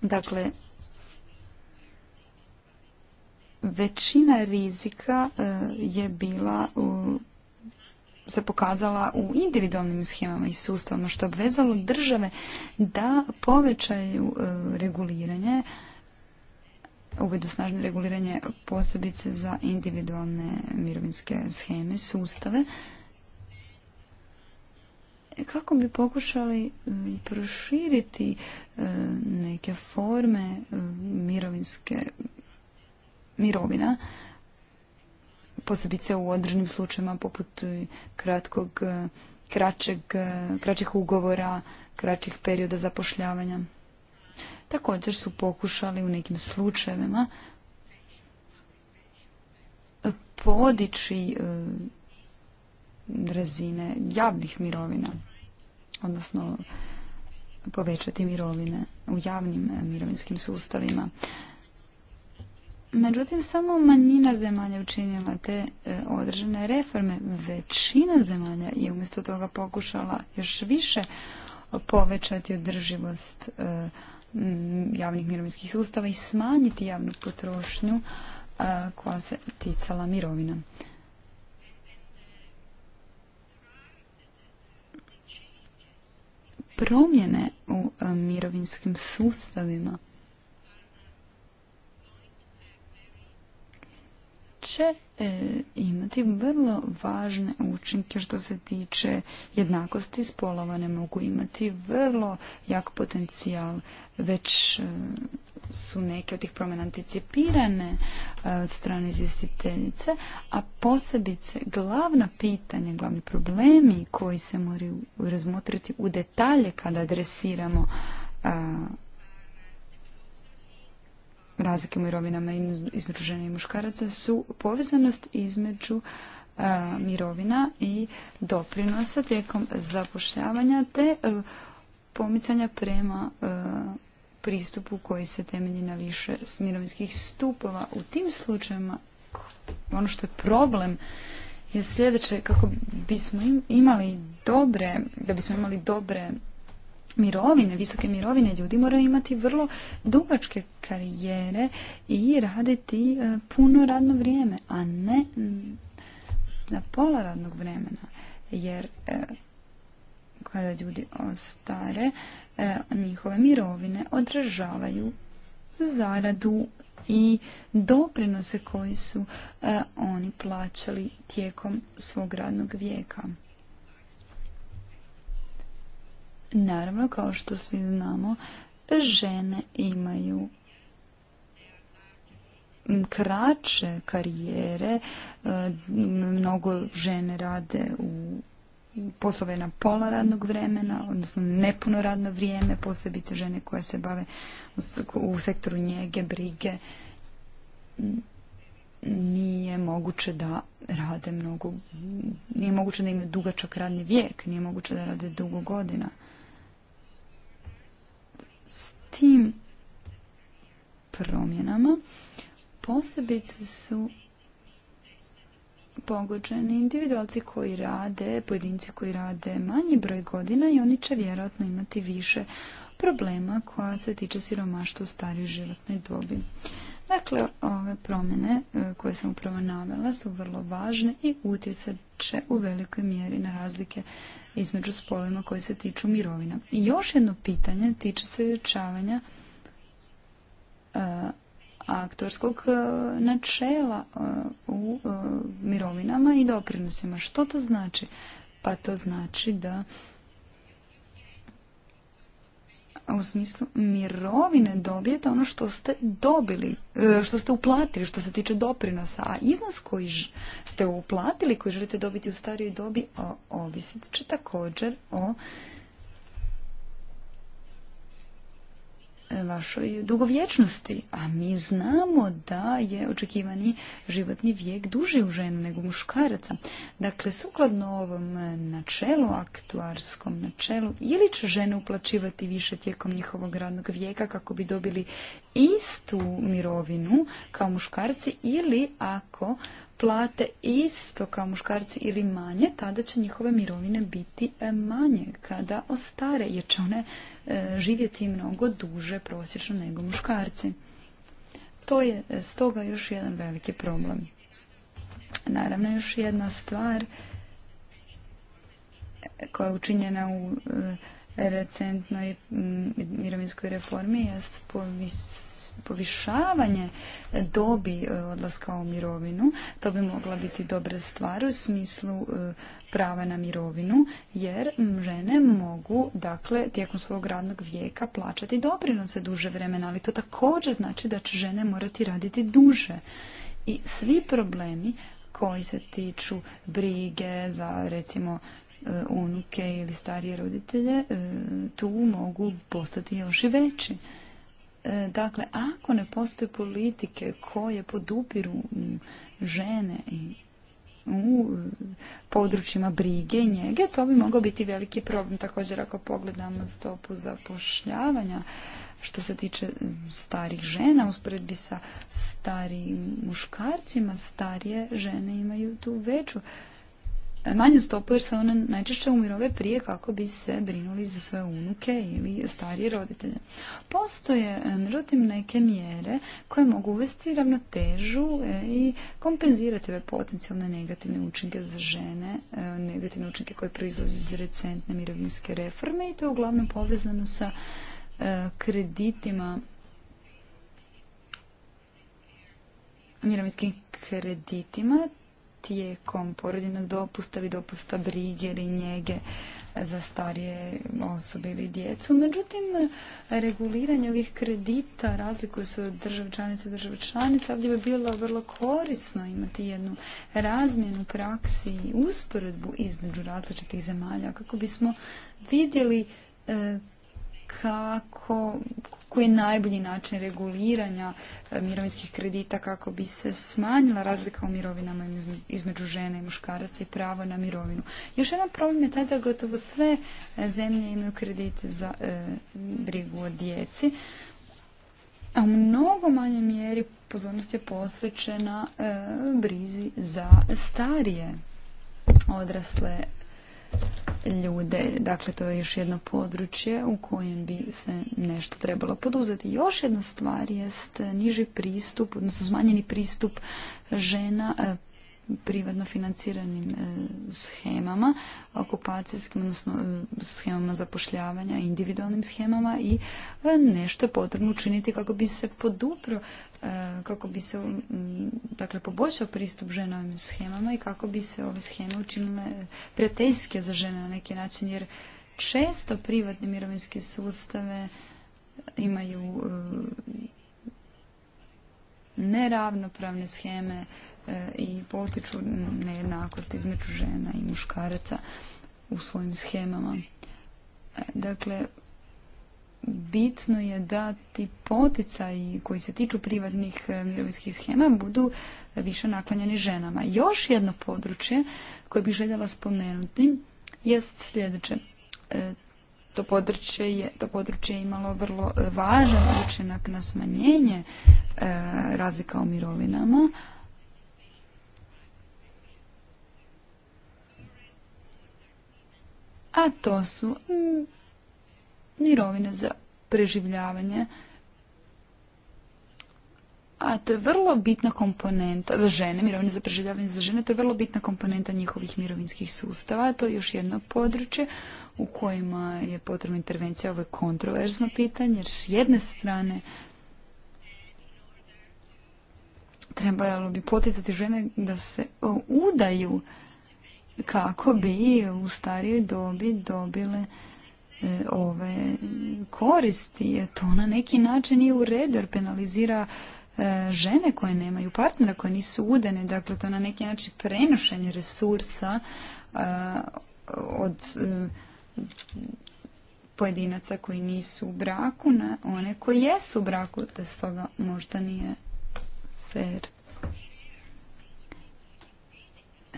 Dakle, većina rizika e, je bila se pokazala u individualnim schemama i sustavama što obvezalo države da povećaju e, reguliranje uvedu snažno reguliranje posebice za individualne mirovinske scheme, sustave, e, kako bi pokušali proširiti e, neke forme mirovinske mirovina, posebice u određenim slučajima poput e, kratkog, kraćeg, kraćih ugovora, kraćih perioda zapošljavanja. Također su pokušali u nekim slučajevima podići e, razine javnih mirovina, odnosno povećati mirovine u javnim e, mirovinskim sustavima. Međutim, samo manjina zemalja učinila te e, određene reforme. Većina zemalja je umjesto toga pokušala još više povećati održivost mirovina. Mm, javnih mirovinskih sustava i smanjiti javnu potrošnju koja se ticala mirovina. Promjene u e, mirovinskim sustavima će e, imati vrlo važne učinke što se tiče jednakosti spolova, ne mogu imati vrlo jak potencijal već e, su neke od tih promjena anticipirane e, od strane izvjestiteljice, a posebice glavna pitanja, glavni problemi koji se moraju razmotriti u detalje kada adresiramo e, razlike u mirovinama između žene i muškaraca su povezanost između mirovina i doprinosa tijekom zapošljavanja te pomicanja prema pristupu koji se temelji na više mirovinskih stupova. U tim slučajima ono što je problem je sljedeće kako bismo imali dobre, da bismo imali dobre mirovine, visoke mirovine, ljudi moraju imati vrlo dugačke karijere i raditi e, puno radno vrijeme, a ne na pola radnog vremena. Jer e, kada ljudi ostare, E, njihove mirovine održavaju zaradu i doprinose koji su e, oni plaćali tijekom svog radnog vijeka. Naravno, kao što svi znamo, žene imaju kraće karijere, e, mnogo žene rade u poslove na pola radnog vremena, odnosno nepuno radno vrijeme, posebice žene koje se bave u sektoru njege, brige, nije moguće da rade mnogo, nije moguće da imaju dugačak radni vijek, nije moguće da rade dugo godina. S tim promjenama posebice su pogođeni individualci koji rade, pojedinci koji rade manji broj godina i oni će vjerojatno imati više problema koja se tiče siromaštva u starijoj životnoj dobi. Dakle, ove promjene e, koje sam upravo navela su vrlo važne i utjecat će u velikoj mjeri na razlike između spolima koje se tiču mirovina. I još jedno pitanje tiče se uvećavanja e, aktorskog e, načela e, u e, mirovinama i doprinosima. Što to znači? Pa to znači da u smislu mirovine dobijete ono što ste dobili, što ste uplatili što se tiče doprinosa, a iznos koji ste uplatili, koji želite dobiti u starijoj dobi, ovisit će također o vašoj dugovječnosti. A mi znamo da je očekivani životni vijek duži u ženu nego muškaraca. Dakle, sukladno ovom načelu, aktuarskom načelu, ili će žene uplaćivati više tijekom njihovog radnog vijeka kako bi dobili istu mirovinu kao muškarci ili ako plate isto kao muškarci ili manje, tada će njihove mirovine biti e, manje kada ostare, jer će one e, živjeti mnogo duže prosječno nego muškarci. To je e, stoga još jedan veliki problem. Naravno, još jedna stvar koja je učinjena u recentnoj mirovinskoj reformi jest povis povišavanje dobi e, odlaska u mirovinu. To bi mogla biti dobra stvar u smislu e, prava na mirovinu, jer žene mogu, dakle, tijekom svog radnog vijeka plaćati doprinose duže vremena, ali to također znači da će žene morati raditi duže. I svi problemi koji se tiču brige za, recimo, e, unuke ili starije roditelje, tu mogu postati još i veći. E, dakle, ako ne postoje politike koje podupiru mm, žene i u mm, područjima brige i njege, to bi mogao biti veliki problem. Također ako pogledamo stopu zapošljavanja što se tiče mm, starih žena, usporedbi sa starijim muškarcima, starije žene imaju tu veću Manju stopu, jer se one najčešće umirove prije kako bi se brinuli za svoje unuke ili starije roditelje. Postoje, e, međutim, neke mjere koje mogu uvesti ravnotežu e, i kompenzirati ove potencijalne negativne učinke za žene, e, negativne učinke koje proizlaze iz recentne mirovinske reforme i to je uglavnom povezano sa kreditima mirovinskim kreditima tijekom porodinog dopusta ili dopusta brige ili njege za starije osobe ili djecu. Međutim, reguliranje ovih kredita razlikuje se od države članice države članice. Ovdje bi bilo vrlo korisno imati jednu razmjenu praksi i usporedbu između različitih zemalja kako bismo vidjeli e, kako koji je najbolji način reguliranja e, mirovinskih kredita kako bi se smanjila razlika u mirovinama između žene i muškaraca i pravo na mirovinu. Još jedan problem je taj da gotovo sve e, zemlje imaju kredite za e, brigu o djeci, a u mnogo manjoj mjeri pozornost je posvećena brizi za starije odrasle ljude. Dakle, to je još jedno područje u kojem bi se nešto trebalo poduzeti. Još jedna stvar jest niži pristup, odnosno smanjeni pristup žena e, privatno financiranim e, schemama, okupacijskim, odnosno e, schemama zapošljavanja, individualnim schemama i e, nešto je potrebno učiniti kako bi se podupro, kako bi se mm, dakle, poboljšao pristup ženovim schemama i kako bi se ove scheme učinile prijateljske za žene na neki način, jer često privatne mirovinske sustave imaju neravnopravne scheme E, i potiču nejednakost između žena i muškaraca u svojim schemama. E, dakle, bitno je da ti poticaji koji se tiču privatnih e, mirovinskih schema budu više naklanjeni ženama. Još jedno područje koje bih željela spomenuti jest sljedeće. To područje je, to područje je imalo vrlo važan učinak na smanjenje razlika u mirovinama, a to su mm, mirovine za preživljavanje. A to je vrlo bitna komponenta za žene, mirovine za preživljavanje za žene, to je vrlo bitna komponenta njihovih mirovinskih sustava. To je još jedno područje u kojima je potrebna intervencija. Ovo je kontroverzno pitanje, jer s jedne strane trebalo bi poticati žene da se udaju kako bi u starijoj dobi dobile e, ove koristi. to na neki način je u redu jer penalizira e, žene koje nemaju partnera, koje nisu udene. Dakle, to na neki način prenošenje resursa e, od pojedinaca koji nisu u braku na one koji jesu u braku, te stoga možda nije fair.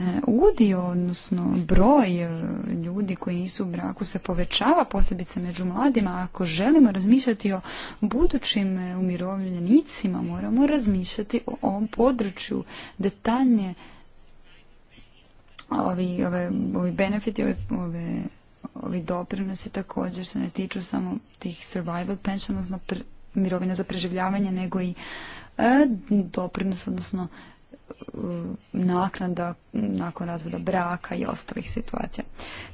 E, udio, odnosno broj e, ljudi koji nisu u braku se povećava, posebice među mladima. Ako želimo razmišljati o budućim e, umirovljenicima, moramo razmišljati o ovom području detaljnije. Ovi, ove, ovi benefiti, ove, ove, ovi doprinosi također se ne tiču samo tih survival pension, odnosno mirovina za preživljavanje, nego i doprinos, odnosno Mm, naknada nakon razvoda braka i ostalih situacija.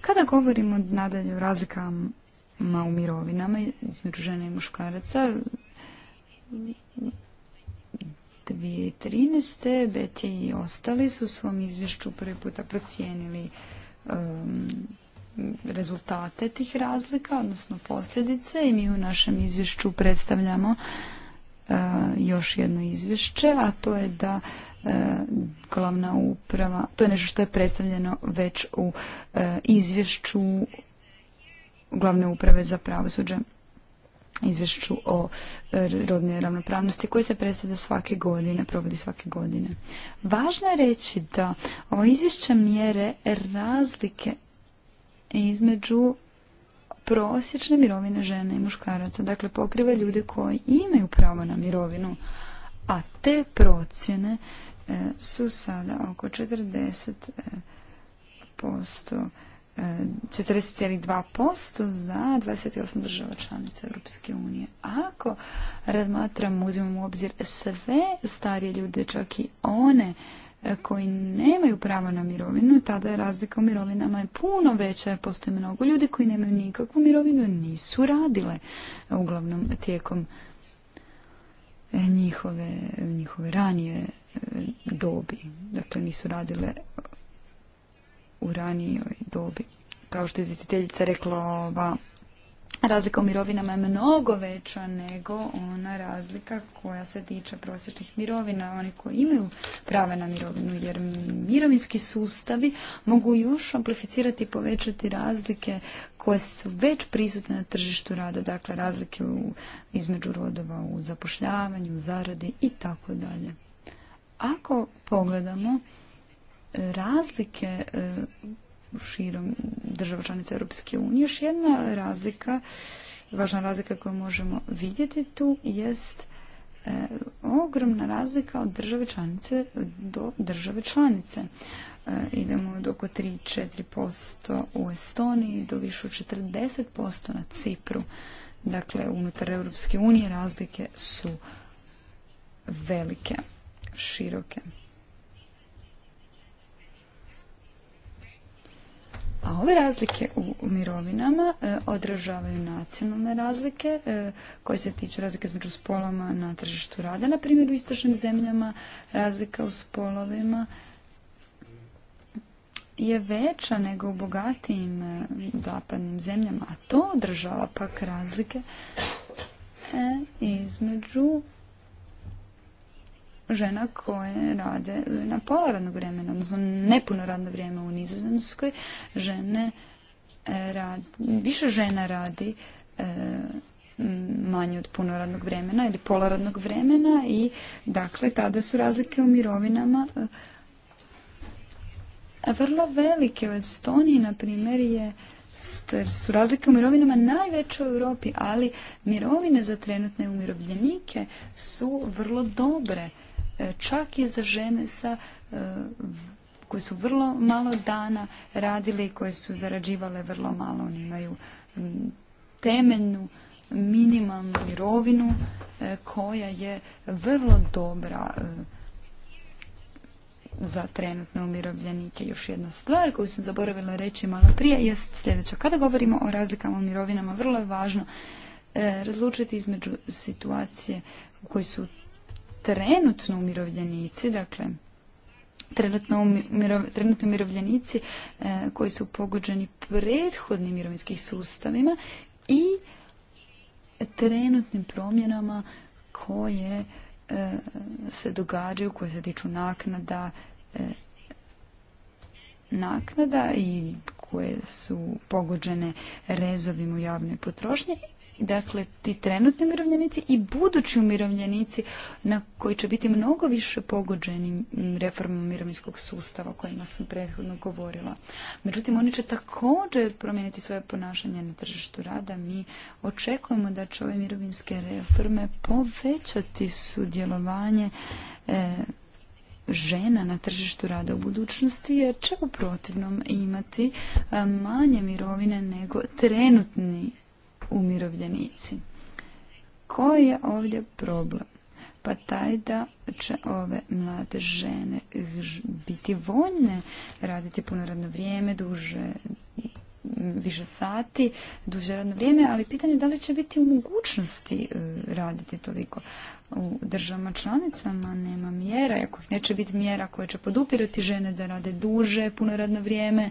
Kada govorimo nadalje o razlikama u mirovinama između žene i muškaraca, 2013. Beti i ostali su u svom izvješću prvi puta procijenili rezultate tih razlika, odnosno posljedice i mi u našem izvješću predstavljamo eh, još jedno izvješće, a to je da E, glavna uprava. To je nešto što je predstavljeno već u e, izvješću glavne uprave za pravosuđe izvješću o e, rodnoj ravnopravnosti koje se predstavlja svake godine, provodi svake godine. Važno je reći da ovo izvješće mjere razlike između prosječne mirovine žene i muškaraca. Dakle, pokriva ljude koji imaju pravo na mirovinu, a te procjene su sada oko 40 e, posto 40,2% za 28 država članica Europske unije. Ako razmatram, uzimamo u obzir sve starije ljude, čak i one e, koji nemaju pravo na mirovinu, tada je razlika u mirovinama je puno veća. Postoje mnogo ljudi koji nemaju nikakvu mirovinu, nisu radile e, uglavnom tijekom njihove, njihove ranije dobi. Dakle, nisu radile u ranijoj dobi. Kao što je izvjestiteljica rekla, ova razlika u mirovinama je mnogo veća nego ona razlika koja se tiče prosječnih mirovina, oni koji imaju prave na mirovinu, jer mirovinski sustavi mogu još amplificirati i povećati razlike koje su već prisutne na tržištu rada, dakle razlike između rodova u zapošljavanju, u zaradi i tako dalje. Ako pogledamo e, razlike e, širom država članica Europske unije, još jedna razlika, važna razlika koju možemo vidjeti tu jest e, ogromna razlika od države članice do države članice. idemo od oko 3-4% u Estoniji do više od 40% na Cipru. Dakle, unutar Europske unije razlike su velike široke. A ove razlike u mirovinama e, odražavaju nacionalne razlike e, koje se tiču razlike između spolama na tržištu rada. Na primjer, u istočnim zemljama razlika u spolovima je veća nego u bogatijim e, zapadnim zemljama, a to održava pak razlike između žena koje rade na pola radnog vremena, odnosno nepuno radno vrijeme u Nizozemskoj, žene e, rad, više žena radi e, manje od puno radnog vremena ili pola radnog vremena i dakle tada su razlike u mirovinama e, vrlo velike. U Estoniji, na primjer, je su razlike u mirovinama najveće u Europi, ali mirovine za trenutne umirovljenike su vrlo dobre čak i za žene sa e, koje su vrlo malo dana radili i koje su zarađivale vrlo malo. Oni imaju temeljnu minimalnu mirovinu e, koja je vrlo dobra e, za trenutne umirovljenike. Još jedna stvar koju sam zaboravila reći malo prije je sljedeća. Kada govorimo o razlikama u mirovinama, vrlo je važno razlučiti između situacije u kojoj su trenutno umirovljenici, dakle trenutno umirovljenici e, koji su pogođeni prethodnim mirovinskim sustavima i trenutnim promjenama koje e, se događaju, koje se tiču naknada e, naknada i koje su pogođene rezovim u javnoj potrošnji dakle ti trenutni umirovljenici i budući umirovljenici na koji će biti mnogo više pogođeni reformom mirovinskog sustava o kojima sam prethodno govorila. Međutim, oni će također promijeniti svoje ponašanje na tržištu rada. Mi očekujemo da će ove mirovinske reforme povećati sudjelovanje e, žena na tržištu rada u budućnosti jer će u protivnom imati e, manje mirovine nego trenutni umirovljenici. Koji je ovdje problem? Pa taj da će ove mlade žene biti voljne raditi puno radno vrijeme, duže više sati, duže radno vrijeme, ali pitanje je da li će biti u mogućnosti e, raditi toliko. U državama članicama nema mjera, ako neće biti mjera koja će podupirati žene da rade duže, puno radno vrijeme,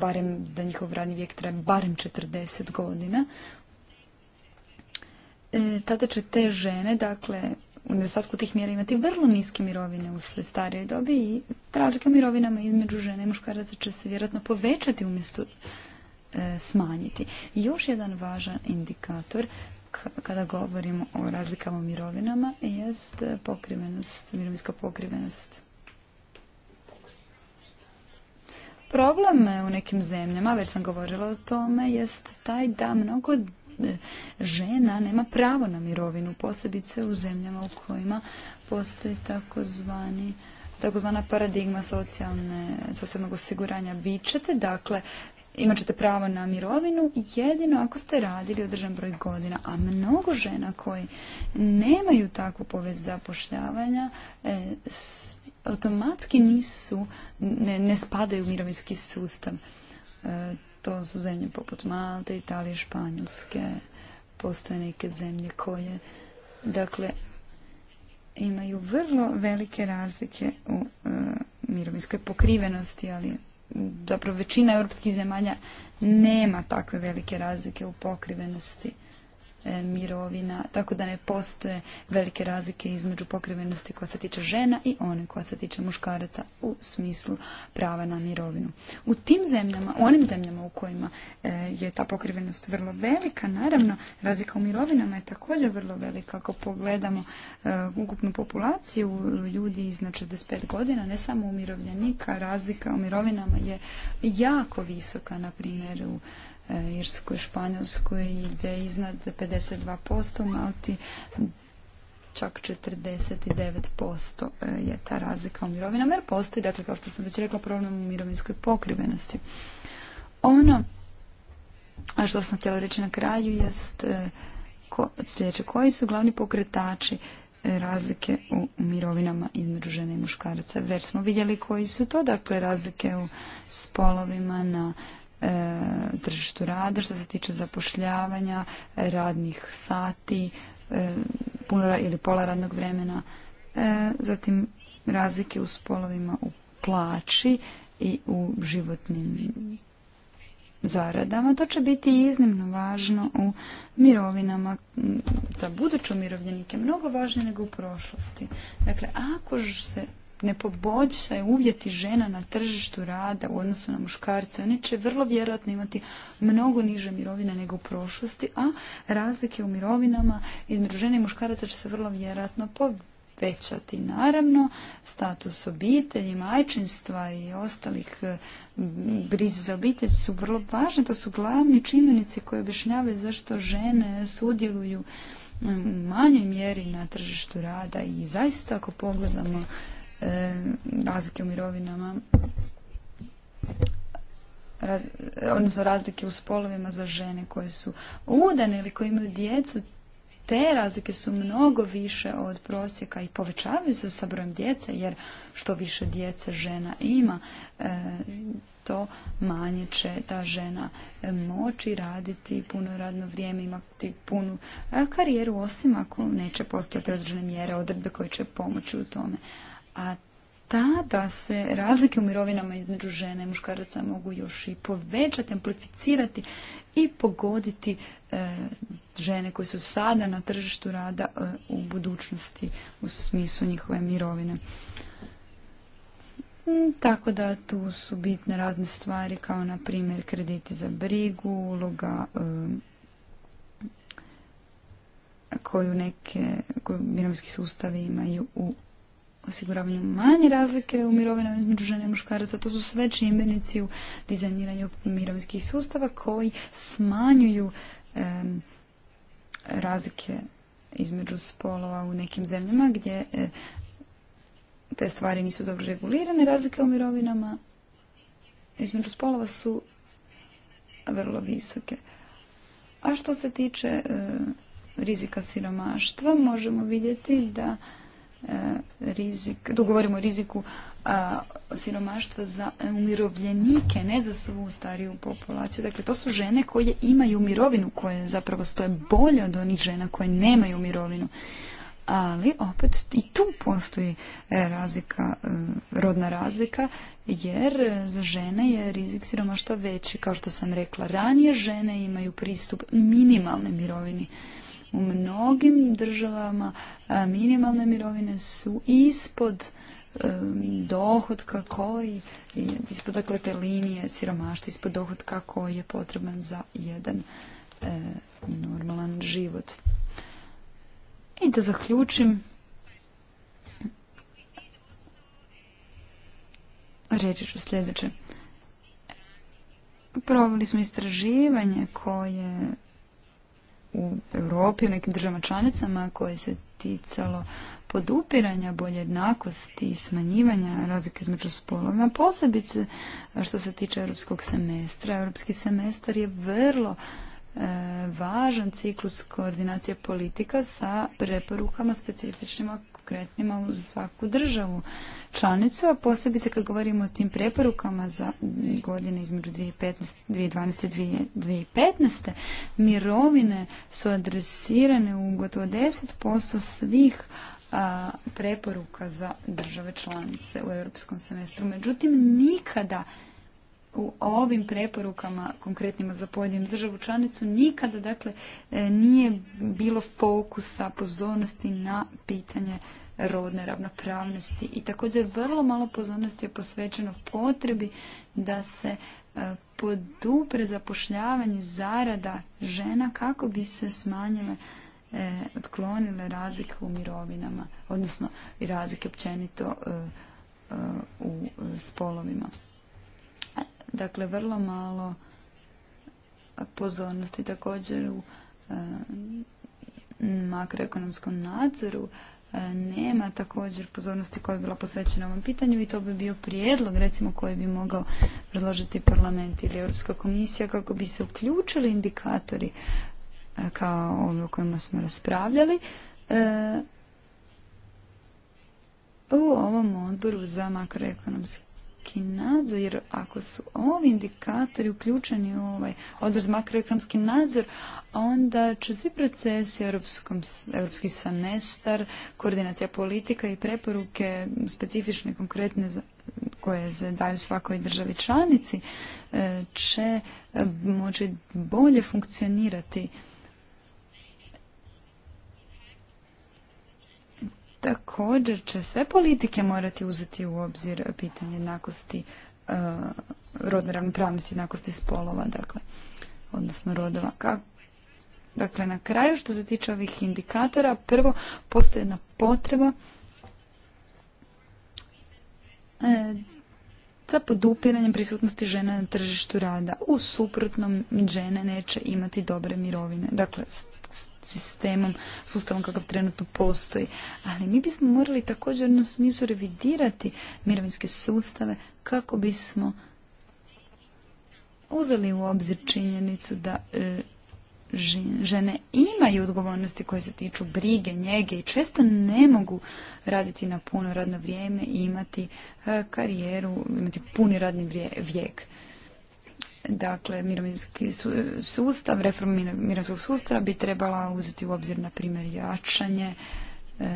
barem da njihov radni vijek traje barem 40 godina, e, tada će te žene, dakle, u nedostatku tih mjera imati vrlo niske mirovine u svojoj starijoj dobi i razlika u mirovinama između žene i muškaraca će se vjerojatno povećati umjesto e, smanjiti. još jedan važan indikator kada govorimo o razlikama u mirovinama jest pokrivenost, mirovinska pokrivenost Problem u nekim zemljama, već sam govorila o tome, jest taj da mnogo e, žena nema pravo na mirovinu, posebice u zemljama u kojima postoji takozvani takozvana paradigma socijalne, socijalnog osiguranja. Vi ćete, dakle, imat ćete pravo na mirovinu jedino ako ste radili održan broj godina. A mnogo žena koji nemaju takvu povez zapošljavanja e, automatski nisu, ne, ne spadaju u mirovinski sustav. E, to su zemlje poput Malte, Italije, Španjolske, postoje neke zemlje koje, dakle, imaju vrlo velike razlike u e, mirovinskoj pokrivenosti, ali zapravo većina europskih zemalja nema takve velike razlike u pokrivenosti. E, mirovina, tako da ne postoje velike razlike između pokrivenosti koja se tiče žena i one koja se tiče muškaraca u smislu prava na mirovinu. U tim zemljama, u onim zemljama u kojima e, je ta pokrivenost vrlo velika, naravno razlika u mirovinama je također vrlo velika. Ako pogledamo e, ukupnu populaciju ljudi iznad 65 godina, ne samo umirovljenika, razlika u mirovinama je jako visoka, na primjer u E, Irskoj, Španjolskoj ide iznad 52%, Malti čak 49% e, je ta razlika u mirovinama, jer postoji, dakle, kao što sam već rekla, problem u mirovinskoj pokrivenosti. Ono što sam htjela reći na kraju jest e, sljedeće, koji su glavni pokretači razlike u mirovinama između žene i muškaraca. Već smo vidjeli koji su to, dakle razlike u spolovima na E, tržištu rada, što se tiče zapošljavanja, radnih sati, e, ili pola radnog vremena, e, zatim razlike u spolovima u plaći i u životnim zaradama. To će biti iznimno važno u mirovinama za buduće umirovljenike, mnogo važnije nego u prošlosti. Dakle, ako se ne poboljšaju uvjeti žena na tržištu rada u odnosu na muškarce, one će vrlo vjerojatno imati mnogo niže mirovine nego u prošlosti, a razlike u mirovinama između žene i muškaraca će se vrlo vjerojatno povećati. Naravno, status obitelji, majčinstva i ostalih eh, brizi za obitelj su vrlo važne, to su glavni čimbenici koje objašnjavaju zašto žene sudjeluju mm, u manjoj mjeri na tržištu rada i zaista ako pogledamo E, razlike u mirovinama odnosno razlike u spolovima za žene koje su udane ili koje imaju djecu te razlike su mnogo više od prosjeka i povećavaju se sa brojem djece jer što više djece žena ima e, to manje će ta žena moći raditi puno radno vrijeme, imati punu e, karijeru osim ako neće postojati određene mjere odredbe koje će pomoći u tome a ta da se razlike u mirovinama između žene i muškaraca mogu još i povećati, amplificirati i pogoditi e, žene koje su sada na tržištu rada e, u budućnosti u smislu njihove mirovine. Mm, tako da tu su bitne razne stvari kao na primjer krediti za brigu, uloga e, koju neke koju mirovinski sustavi imaju u osiguravanju manje razlike u mirovinama između žene i muškaraca. To su sve čimbenici u dizajniranju mirovinskih sustava koji smanjuju razlike između spolova u nekim zemljama gdje e, te stvari nisu dobro regulirane. Razlike u mirovinama između spolova su vrlo visoke. A što se tiče e, rizika siromaštva, možemo vidjeti da E, rizik, tu govorimo o riziku e, siromaštva za umirovljenike, ne za svu stariju populaciju. Dakle, to su žene koje imaju mirovinu, koje zapravo stoje bolje od onih žena koje nemaju mirovinu. Ali, opet, i tu postoji e, razlika, rodna razlika, jer za žene je rizik siromaštva veći. Kao što sam rekla, ranije žene imaju pristup minimalne mirovini u mnogim državama minimalne mirovine su ispod dohodka koji, ispod dakle te linije siromaštva, ispod dohodka koji je potreban za jedan e, normalan život. I da zaključim, reći ću sljedeće. Provali smo istraživanje koje u Europi, u nekim državama članicama koje se ticalo podupiranja bolje jednakosti i smanjivanja razlike između spolovima, posebice što se tiče europskog semestra. Europski semestar je vrlo e, važan ciklus koordinacije politika sa preporukama specifičnima konkretnima za svaku državu članicu, a posebice kad govorimo o tim preporukama za godine između 2015, 2012. i 2015. mirovine su adresirane u gotovo 10% svih preporuka za države članice u europskom semestru. Međutim, nikada u ovim preporukama konkretnima za pojedinu državu članicu nikada dakle e, nije bilo fokusa pozornosti na pitanje rodne ravnopravnosti i također vrlo malo pozornosti je posvećeno potrebi da se e, podupre zapošljavanje zarada žena kako bi se smanjile e, otklonile razlike u mirovinama odnosno i razlike općenito u spolovima Dakle, vrlo malo pozornosti također u e, makroekonomskom nadzoru e, nema također pozornosti koja bi bila posvećena ovom pitanju i to bi bio prijedlog recimo koji bi mogao predložiti parlament ili Europska komisija kako bi se uključili indikatori e, kao ovi o kojima smo raspravljali u ovom odboru za makroekonomski nadzor, jer ako su ovi indikatori uključeni u ovaj odbor za makroekonomski nadzor, onda će svi procesi, europski semestar, koordinacija politika i preporuke specifične konkretne koje se daju svakoj državi članici, e, će e, moći bolje funkcionirati Također će sve politike morati uzeti u obzir pitanje jednakosti e, rodne ravnopravnosti, jednakosti spolova, dakle, odnosno rodova. Dakle, na kraju što se tiče ovih indikatora, prvo postoji jedna potreba e, za podupiranjem prisutnosti žena na tržištu rada. U suprotnom, žene neće imati dobre mirovine. Dakle, sistemom, sustavom kakav trenutno postoji. Ali mi bismo morali također u jednom smislu revidirati mirovinske sustave kako bismo uzeli u obzir činjenicu da e, žene imaju odgovornosti koje se tiču brige, njege i često ne mogu raditi na puno radno vrijeme i imati e, karijeru, imati puni radni vijek. Dakle, mirovinski sustav, reforma mirovinskog sustava bi trebala uzeti u obzir, na primjer, jačanje e,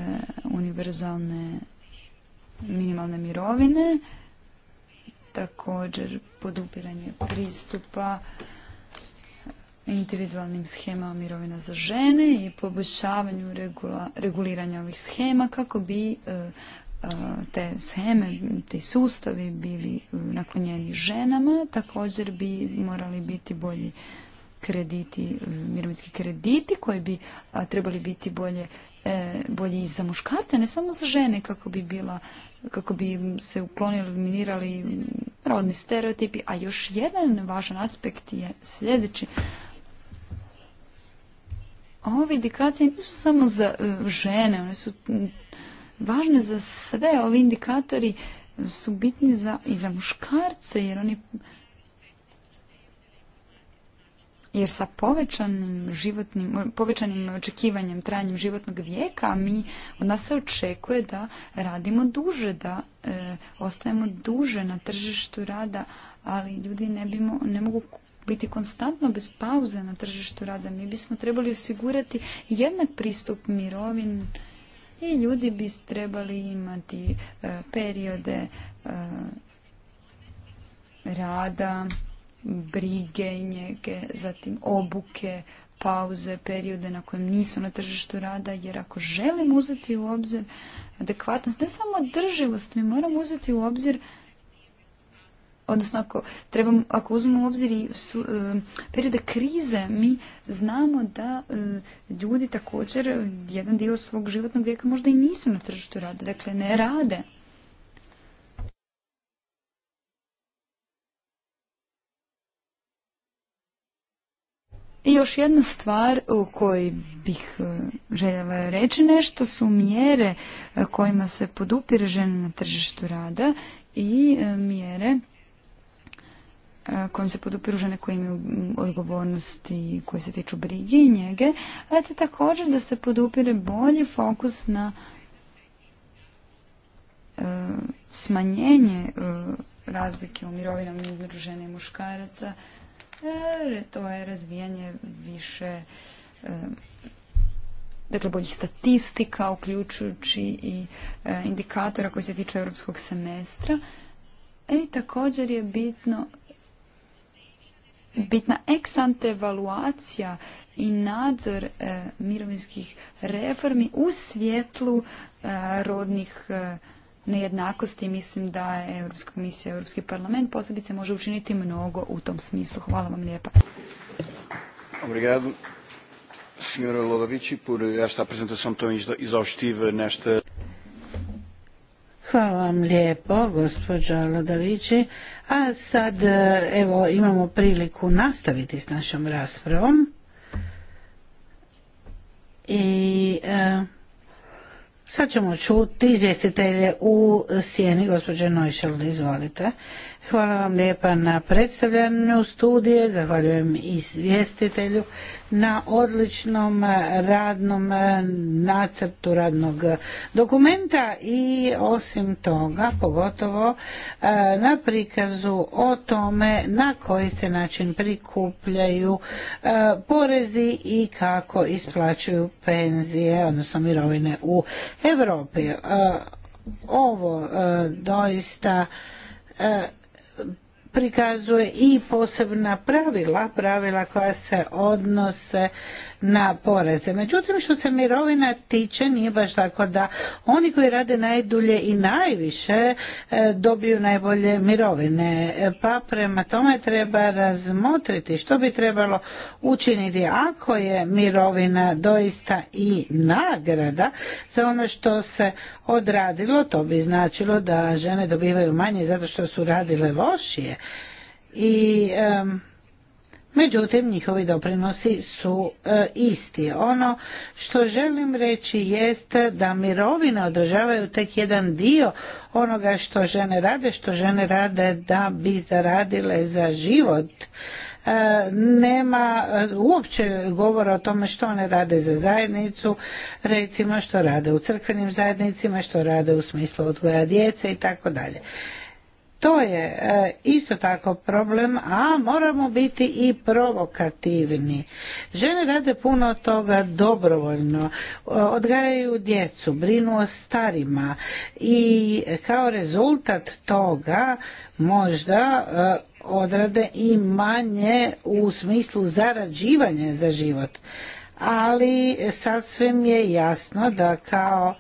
univerzalne minimalne mirovine, također podupiranje pristupa individualnim schemama mirovina za žene i poboljšavanju reguliranja ovih schema kako bi e, te scheme, te sustavi bili naklonjeni ženama, također bi morali biti bolji krediti, mirovinski krediti koji bi trebali biti bolje e, i za muškarce, ne samo za žene kako bi bila, kako bi se uklonili, eliminirali rodni stereotipi, a još jedan važan aspekt je sljedeći. Ove indikacije nisu samo za e, žene, one su važne za sve. Ovi indikatori su bitni za, i za muškarce jer oni jer sa povećanim životnim, povećanim očekivanjem trajanjem životnog vijeka mi od nas se očekuje da radimo duže, da e, ostajemo duže na tržištu rada, ali ljudi ne, ne mogu biti konstantno bez pauze na tržištu rada. Mi bismo trebali osigurati jednak pristup mirovin i ljudi bi trebali imati e, periode e, rada, brige njege, zatim obuke, pauze, periode na kojem nisu na tržištu rada, jer ako želim uzeti u obzir adekvatnost, ne samo održivost, mi moramo uzeti u obzir odnosno ako, trebamo, ako uzmemo u obzir su, e, perioda krize, mi znamo da e, ljudi također jedan dio svog životnog vijeka možda i nisu na tržištu rada, dakle ne rade. I još jedna stvar u kojoj bih e, željela reći nešto su mjere kojima se podupire žene na tržištu rada i mjere E, kojim se podupiru žene koje imaju odgovornosti koje se tiču brige i njege, ali te također da se podupire bolji fokus na e, smanjenje e, razlike u mirovinama između žene i muškaraca, jer to je razvijanje više dakle boljih statistika, uključujući i indikatora koji se tiču europskog semestra. I također je bitno bitna eksante evaluacija i nadzor e, mirovinskih reformi u svjetlu e, rodnih e, nejednakosti. Mislim da je Europska komisija i Europski parlament posebice može učiniti mnogo u tom smislu. Hvala vam lijepa. Obrigado, senhora Lodovici, por esta apresentação tão exaustiva nesta... Hvala vam lijepo, gospođo Lodavići. A sad, e, evo, imamo priliku nastaviti s našom raspravom. I e, sad ćemo čuti izvjestitelje u sjeni, gospođo Nojšel, izvolite. Hvala vam lijepa na predstavljanju studije, zahvaljujem izvjestitelju na odličnom radnom nacrtu radnog dokumenta i osim toga pogotovo e, na prikazu o tome na koji se način prikupljaju e, porezi i kako isplaćuju penzije, odnosno mirovine u Europi. E, ovo doista prikazuje i posebna pravila, pravila koja se odnose na poreze. Međutim, što se mirovina tiče, nije baš tako da oni koji rade najdulje i najviše e, dobiju najbolje mirovine. E, pa prema tome treba razmotriti što bi trebalo učiniti ako je mirovina doista i nagrada za ono što se odradilo, to bi značilo da žene dobivaju manje zato što su radile lošije. I međutim njihovi doprinosi su e, isti. Ono što želim reći jest da mirovine održavaju tek jedan dio onoga što žene rade, što žene rade da bi zaradile za život e, nema e, uopće govora o tome što one rade za zajednicu, recimo što rade u crkvenim zajednicima, što rade u smislu odgoja djece i tako dalje. To je e, isto tako problem, a moramo biti i provokativni. Žene rade puno toga dobrovoljno, e, odgajaju djecu, brinu o starima i kao rezultat toga možda e, odrade i manje u smislu zarađivanja za život ali sasvim je jasno da kao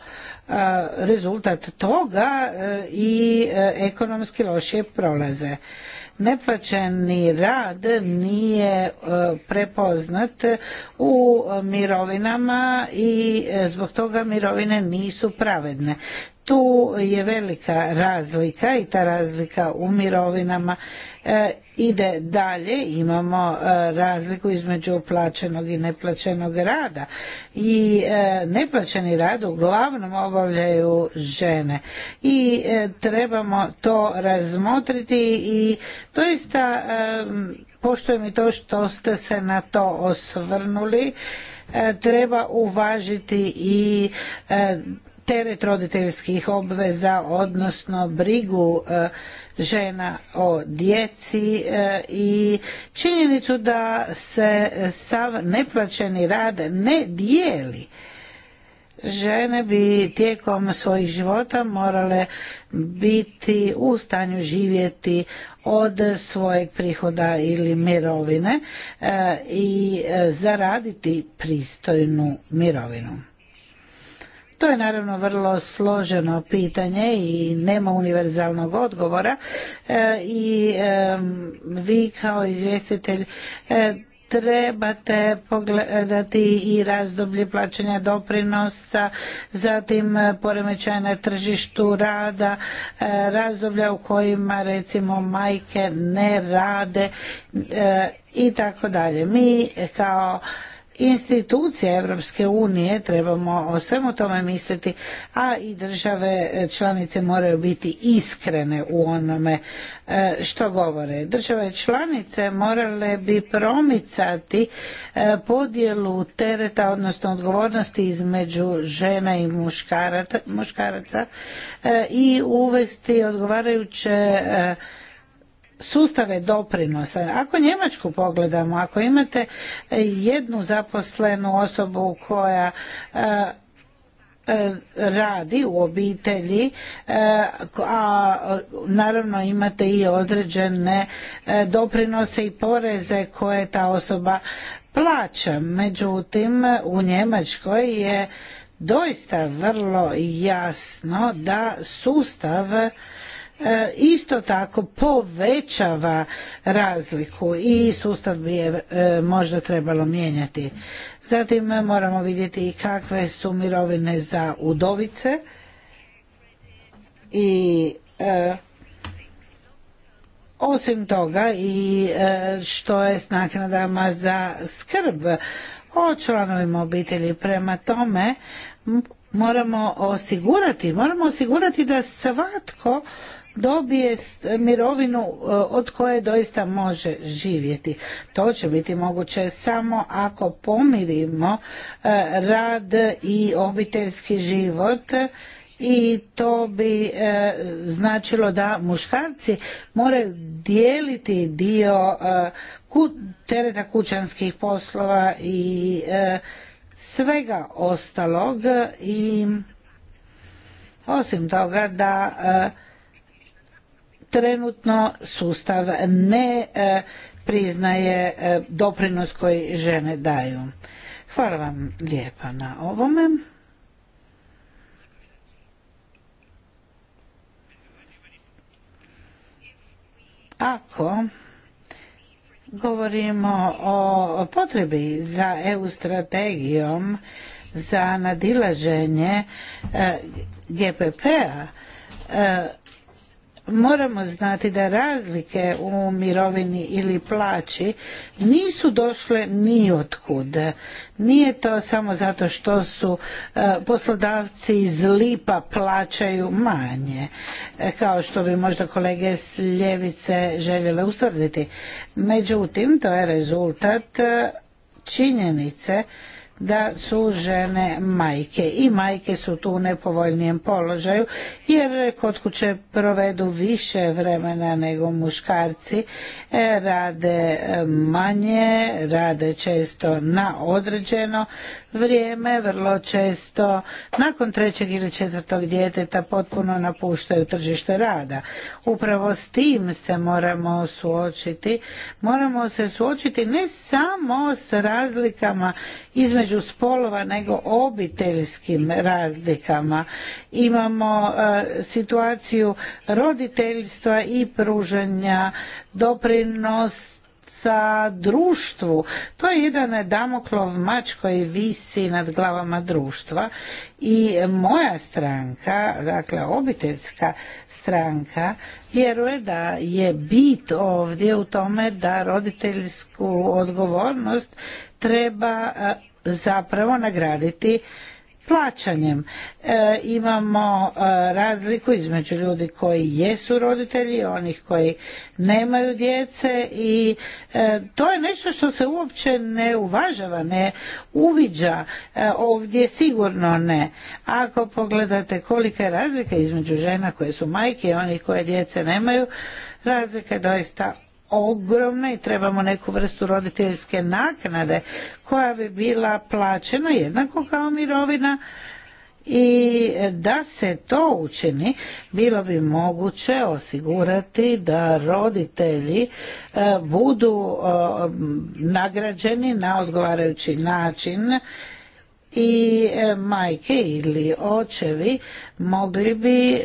rezultat toga i ekonomski lošije prolaze. Neplaćeni rad nije prepoznat u mirovinama i e, zbog toga mirovine nisu pravedne tu je velika razlika i ta razlika u mirovinama e, ide dalje, imamo e, razliku između plaćenog i neplaćenog rada i e, neplaćeni rad uglavnom obavljaju žene i trebamo to razmotriti i doista poštujem mi to što ste se na to osvrnuli treba uvažiti i teret roditeljskih obveza odnosno brigu e, žena o djeci e, i činjenicu da se sav neplaćeni rad ne dijeli žene bi tijekom svojih života morale biti u stanju živjeti od svojeg prihoda ili mirovine e, i zaraditi pristojnu mirovinu to je naravno vrlo složeno pitanje i nema univerzalnog odgovora e, i e, vi kao izvjestitelj e, trebate pogledati i razdoblje plaćanja doprinosa, zatim poremećaja na tržištu rada, razdoblja u kojima recimo majke ne rade i tako dalje. Mi kao institucije Europske unije trebamo o svemu tome misliti, a i države e, članice moraju biti iskrene u onome e, što govore. Države članice morale bi promicati e, podjelu tereta, odnosno odgovornosti između žena i muškaraca i uvesti odgovarajuće sustave doprinosa. Ako Njemačku pogledamo, ako imate jednu zaposlenu osobu koja e, e, radi u obitelji, e, a naravno imate i određene doprinose i poreze koje ta osoba plaća. Međutim, u Njemačkoj je doista vrlo jasno da sustav E, isto tako povećava razliku i sustav bi je e, možda trebalo mijenjati. Zatim e, moramo vidjeti i kakve su mirovine za udovice i osim toga i što je s naknadama za skrb o članovima obitelji. Prema tome moramo osigurati, moramo osigurati da svatko dobije mirovinu e, od koje doista može živjeti. To će biti moguće samo ako pomirimo e, rad i obiteljski život i to bi e, značilo da muškarci moraju dijeliti dio tereta kućanskih poslova i svega ostalog i osim toga da trenutno sustav ne e, priznaje e, doprinos koji žene daju. Hvala vam lijepa na ovome. Ako govorimo o potrebi za EU strategijom za nadilaženje e, GPP-a, moramo znati da razlike u mirovini ili plaći nisu došle ni otkud. Nije to samo zato što su e, poslodavci iz lipa plaćaju manje, e, kao što bi možda kolege s ljevice željele ustvrditi. Međutim, to je rezultat e, činjenice da su žene majke i majke su tu u nepovoljnijem položaju jer kod kuće provedu više vremena nego muškarci, e, rade e, manje, rade često na određeno vrijeme vrlo često nakon trećeg ili četvrtog djeteta potpuno napuštaju tržište rada. Upravo s tim se moramo suočiti. Moramo se suočiti ne samo s razlikama između spolova nego obiteljskim razlikama. Imamo e, situaciju roditeljstva i pružanja doprinos sa društvu. To je jedan damoklov mač koji visi nad glavama društva i moja stranka, dakle obiteljska stranka, vjeruje da je bit ovdje u tome da roditeljsku odgovornost treba e, zapravo nagraditi plaćanjem. E, imamo e, razliku između ljudi koji jesu roditelji, onih koji nemaju djece i e, to je nešto što se uopće ne uvažava, ne uviđa ovdje sigurno ne. Ako pogledate kolika je razlika između žena koje su majke i onih koje djece nemaju, razlika je doista ogromne i trebamo neku vrstu roditeljske naknade koja bi bila plaćena jednako kao mirovina i da se to učini bilo bi moguće osigurati da roditelji e, budu e, nagrađeni na odgovarajući način i e, majke ili očevi mogli bi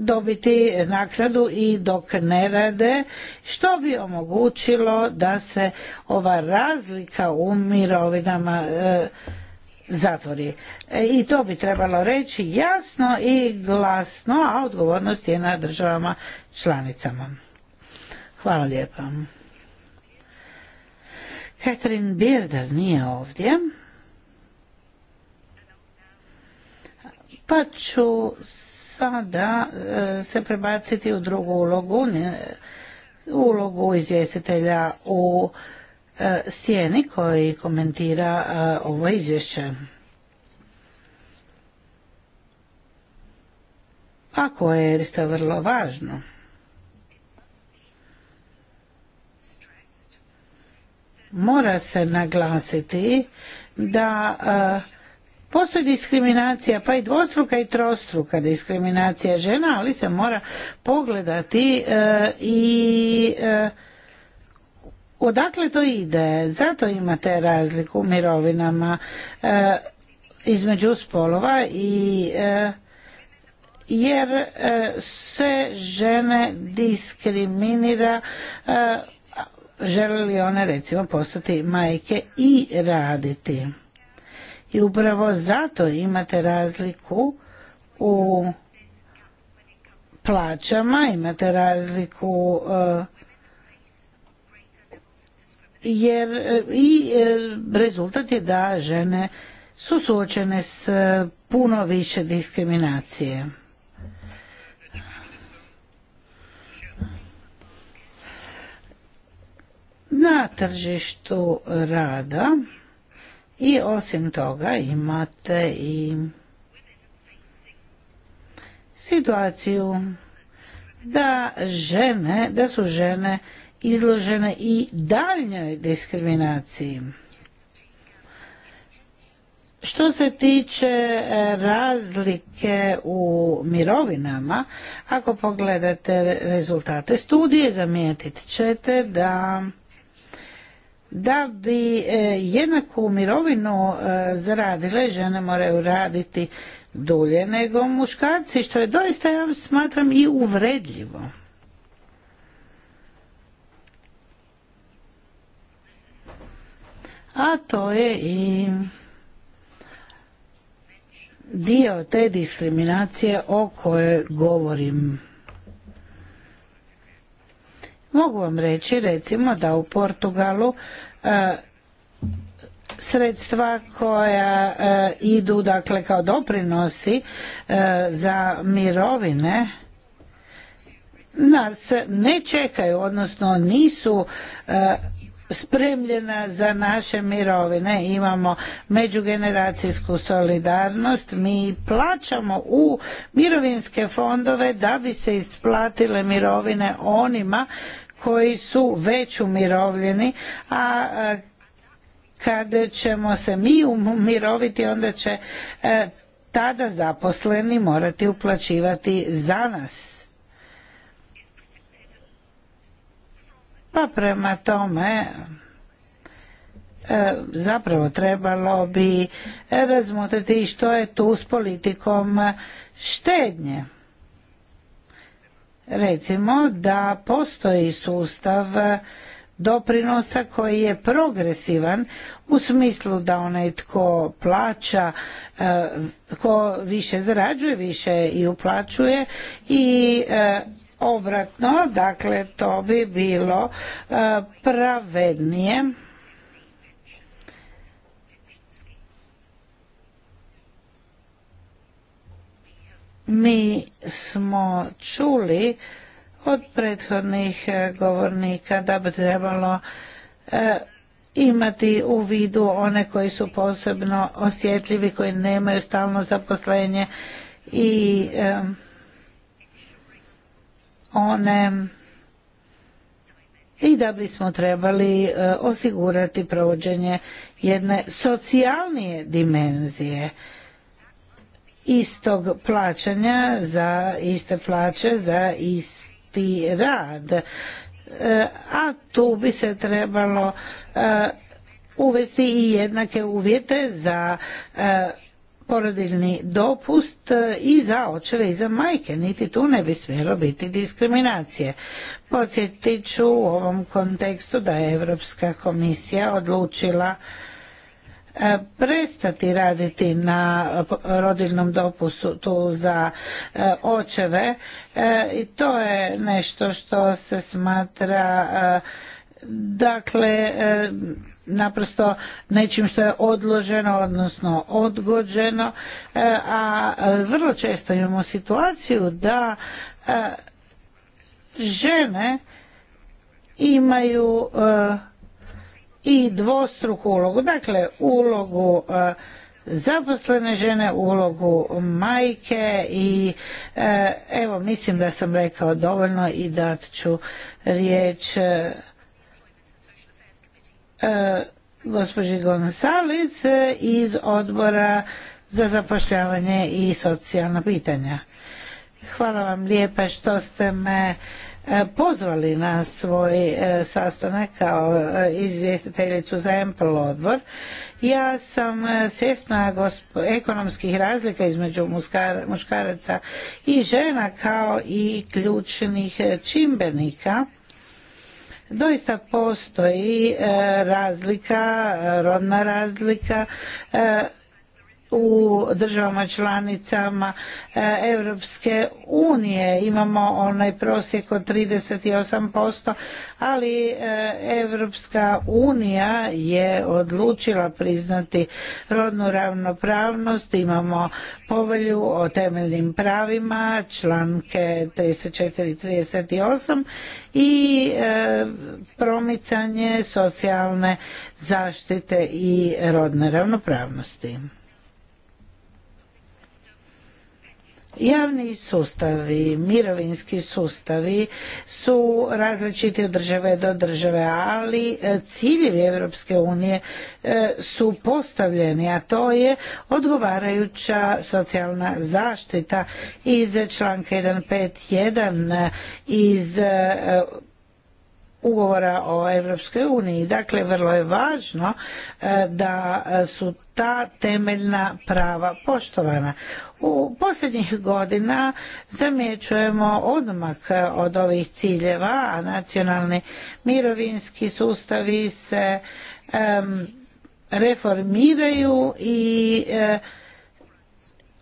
dobiti naknadu i dok ne rade, što bi omogućilo da se ova razlika u mirovinama e, zatvori. E, I to bi trebalo reći jasno i glasno, a odgovornost je na državama članicama. Hvala lijepa. Katrin Bjerder nije ovdje. Pa ću da e, se prebaciti u drugu ulogu, ulogu izvjestitelja u e, sjeni koji komentira e, ovo izvješće. Ako je, isto vrlo važno. Mora se naglasiti da Postoji diskriminacija, pa i dvostruka i trostruka diskriminacija žena, ali se mora pogledati e, i e, odakle to ide. Zato imate razliku u mirovinama e, između spolova i jer se žene diskriminira žele li one recimo postati majke i raditi. I upravo zato imate razliku u plaćama, imate razliku e, jer e, i e, rezultat je da žene su suočene s puno više diskriminacije. Na tržištu rada i osim toga imate i situaciju da žene, da su žene izložene i daljnjoj diskriminaciji. Što se tiče e, razlike u mirovinama, ako pogledate rezultate studije, zamijetit ćete da da bi e, jednaku mirovinu e, zaradile žene moraju raditi dulje nego muškarci što je doista ja smatram i uvredljivo a to je i dio te diskriminacije o kojoj govorim Mogu vam reći recimo da u Portugalu e, sredstva koja e, idu dakle kao doprinosi e, za mirovine nas ne čekaju, odnosno nisu spremljena za naše mirovine, imamo međugeneracijsku solidarnost, mi plaćamo u mirovinske fondove da bi se isplatile mirovine onima koji su već umirovljeni, a kada ćemo se mi umiroviti onda će e, tada zaposleni morati uplaćivati za nas Pa prema tome e, zapravo trebalo bi razmotriti što je tu s politikom štednje. Recimo da postoji sustav doprinosa koji je progresivan u smislu da onaj tko plaća, e, ko više zarađuje, više i uplaćuje i e, obratno, dakle to bi bilo e, pravednije. Mi smo čuli od prethodnih e, govornika da bi trebalo e, imati u vidu one koji su posebno osjetljivi, koji nemaju stalno zaposlenje i one i da bismo trebali e, osigurati provođenje jedne socijalnije dimenzije istog plaćanja za iste plaće za isti rad e, a tu bi se trebalo e, uvesti i jednake uvjete za porodiljni dopust e, i za očeve i za majke. Niti tu ne bi smjelo biti diskriminacije. Podsjetit ću u ovom kontekstu da je Europska komisija odlučila e, prestati raditi na rodiljnom dopustu za e, očeve i to je nešto što se smatra dakle naprosto nečim što je odloženo odnosno odgođeno e, a vrlo često imamo situaciju da e, žene imaju e, i dvostruku ulogu dakle ulogu zaposlene žene ulogu majke i evo mislim da sam rekao dovoljno i dat ću riječ gospođi Gonzalic eh, iz odbora za zapošljavanje i socijalna pitanja. Hvala vam lijepa što ste me eh, pozvali na svoj eh, sastanak kao izvjestiteljicu za MPL odbor. Ja sam svjesna ekonomskih razlika između muškaraca i žena kao i ključnih čimbenika doista postoji e, razlika, rodna razlika e, u državama članicama e, Europske unije. Imamo onaj prosjek od 38%, ali e, Europska unija je odlučila priznati rodnu ravnopravnost. Imamo povelju o temeljnim pravima, članke 34 i 38 i e, promicanje socijalne zaštite i rodne ravnopravnosti. Javni sustavi, mirovinski sustavi su različiti od države do države, ali e, ciljevi Europske unije e, su postavljeni, a to je odgovarajuća socijalna zaštita iz članka 151 e, iz ugovora o Europskoj uniji. Dakle, vrlo je važno e, da su ta temeljna prava poštovana. U posljednjih godina zamjećujemo odmak od ovih ciljeva, a nacionalni mirovinski sustavi se reformiraju i e,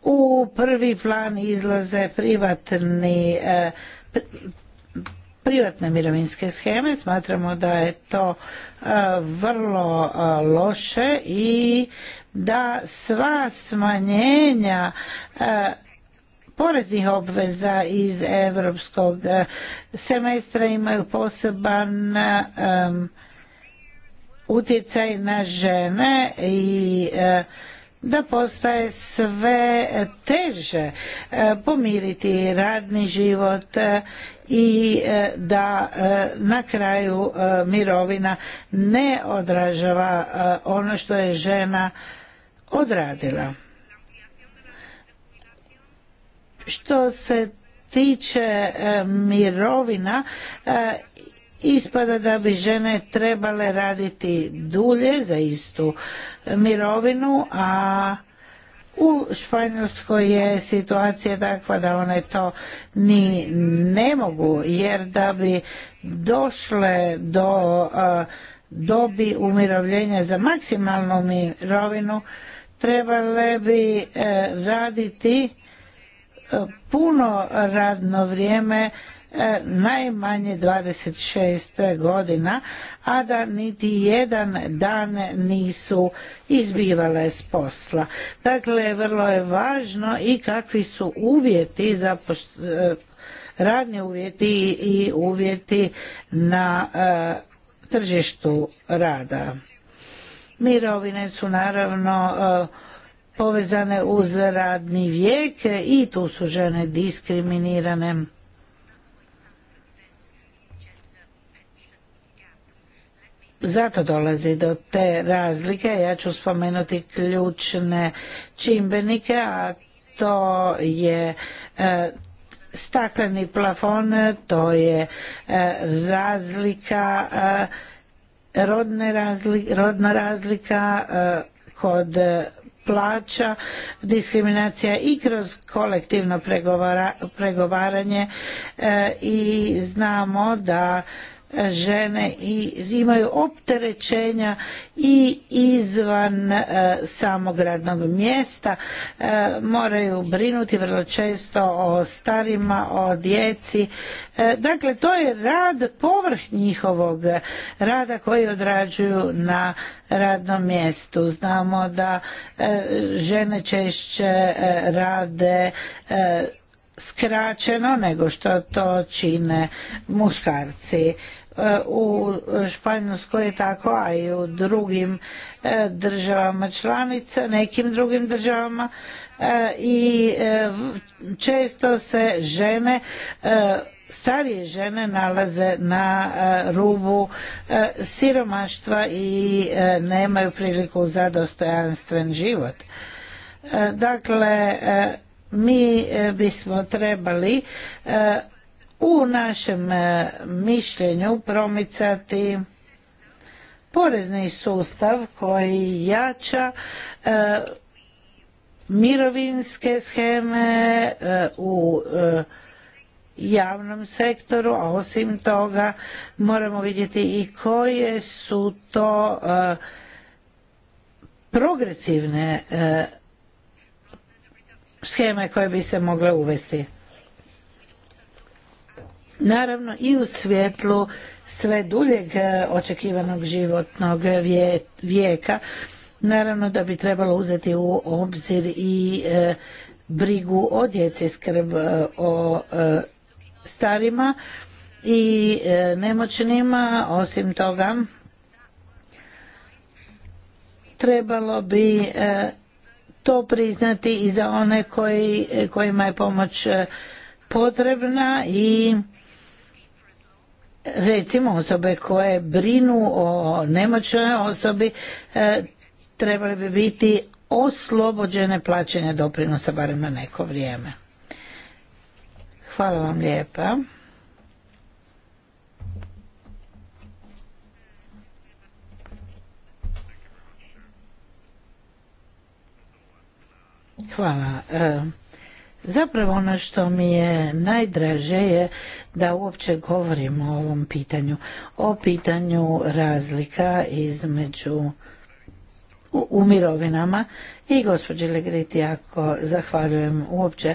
u prvi plan izlaze privatni e, privatne mirovinske scheme Smatramo da je to e, vrlo e, loše i da sva smanjenja e, poreznih obveza iz europskog semestra imaju poseban utjecaj na žene i da postaje sve teže pomiriti radni život i e, da e, na kraju e, mirovina ne odražava ono što je žena odradila. Što se tiče mirovina ispada da bi žene trebale raditi dulje za istu mirovinu, a u Španjolskoj je situacija takva da one to ni ne mogu jer da bi došle do dobi umirovljenja za maksimalnu mirovinu trebale bi e, raditi e, puno radno vrijeme E, najmanje 26 godina, a da niti jedan dan nisu izbivale s posla. Dakle, vrlo je važno i kakvi su uvjeti za e, radni uvjeti i uvjeti na e, tržištu rada. Mirovine su naravno povezane uz radni vijek i tu su žene diskriminirane. zato dolazi do te razlike. Ja ću spomenuti ključne čimbenike, a to je e, stakleni plafon, to je e, razlika, e, rodne rodna razlika kod plaća, diskriminacija i kroz kolektivno pregovaranje i znamo da žene i imaju opterećenja i izvan e, samog radnog mjesta e, moraju brinuti vrlo često o starima o djeci e, dakle to je rad povrh njihovog rada koji odrađuju na radnom mjestu znamo da žene češće rade skraćeno nego što to čine muškarci E, u Španjolskoj je tako, a i u drugim e, državama članica, nekim drugim državama e, i često se žene starije žene nalaze na rubu siromaštva i nemaju priliku za dostojanstven život. Dakle, mi bismo trebali u našem e, mišljenju promicati porezni sustav koji jača e, mirovinske scheme e, u javnom sektoru, a osim toga moramo vidjeti i koje su to progresivne scheme koje bi se mogle uvesti naravno i u svjetlu sve duljeg e, očekivanog životnog vijeka naravno da bi trebalo uzeti u obzir i e, brigu o djeci skrb e, o starima i nemoćnima osim toga trebalo bi to priznati i za one kojima je pomoć potrebna i recimo osobe koje brinu o nemoćnoj osobi e, trebale bi biti oslobođene plaćanja doprinosa barem na neko vrijeme. Hvala vam lijepa. Hvala. E, Zapravo ono što mi je najdraže je da uopće govorimo o ovom pitanju, o pitanju razlika između u, mirovinama i gospođi Legriti ako zahvaljujem uopće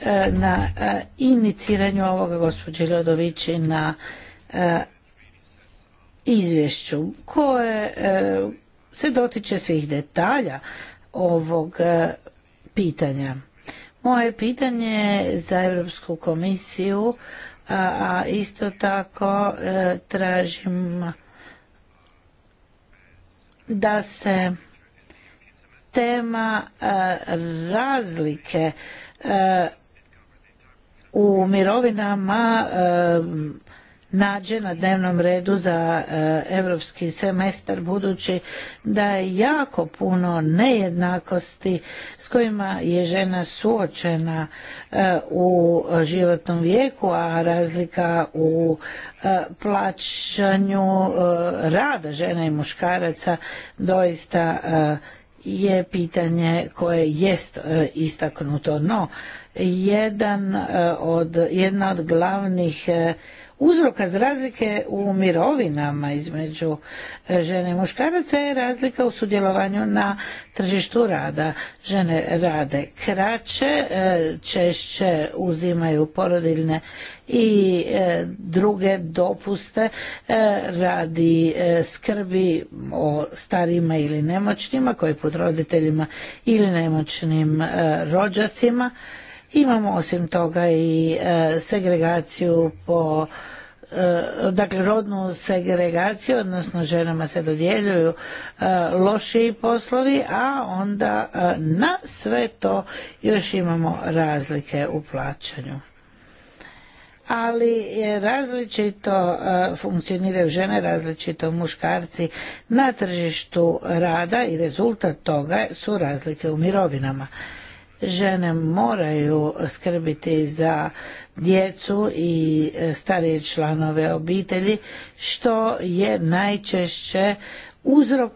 e, na e, iniciranju ovoga gospođi Ljodovići na e, izvješću koje se dotiče svih detalja ovog pitanja. Moje pitanje za Europsku komisiju, a isto tako e, tražim da se tema e, razlike e, u mirovinama nađe na dnevnom redu za europski semestar budući da je jako puno nejednakosti s kojima je žena suočena e, u životnom vijeku, a razlika u e, plaćanju e, rada žena i muškaraca doista je pitanje koje jest istaknuto. No, jedan od, jedna od glavnih uzroka za razlike u mirovinama između e, žene i muškaraca je razlika u sudjelovanju na tržištu rada. Žene rade kraće, e, češće uzimaju porodiljne i e, druge dopuste radi skrbi o starima ili nemoćnima koji pod roditeljima ili nemoćnim rođacima Imamo osim toga i e, segregaciju po e, dakle rodnu segregaciju odnosno ženama se dodjeljuju e, lošiji poslovi a onda na sve to još imamo razlike u plaćanju ali različito funkcioniraju žene, različito muškarci na tržištu rada i rezultat toga su razlike u mirovinama žene moraju skrbiti za djecu i starije članove obitelji, što je najčešće uzrok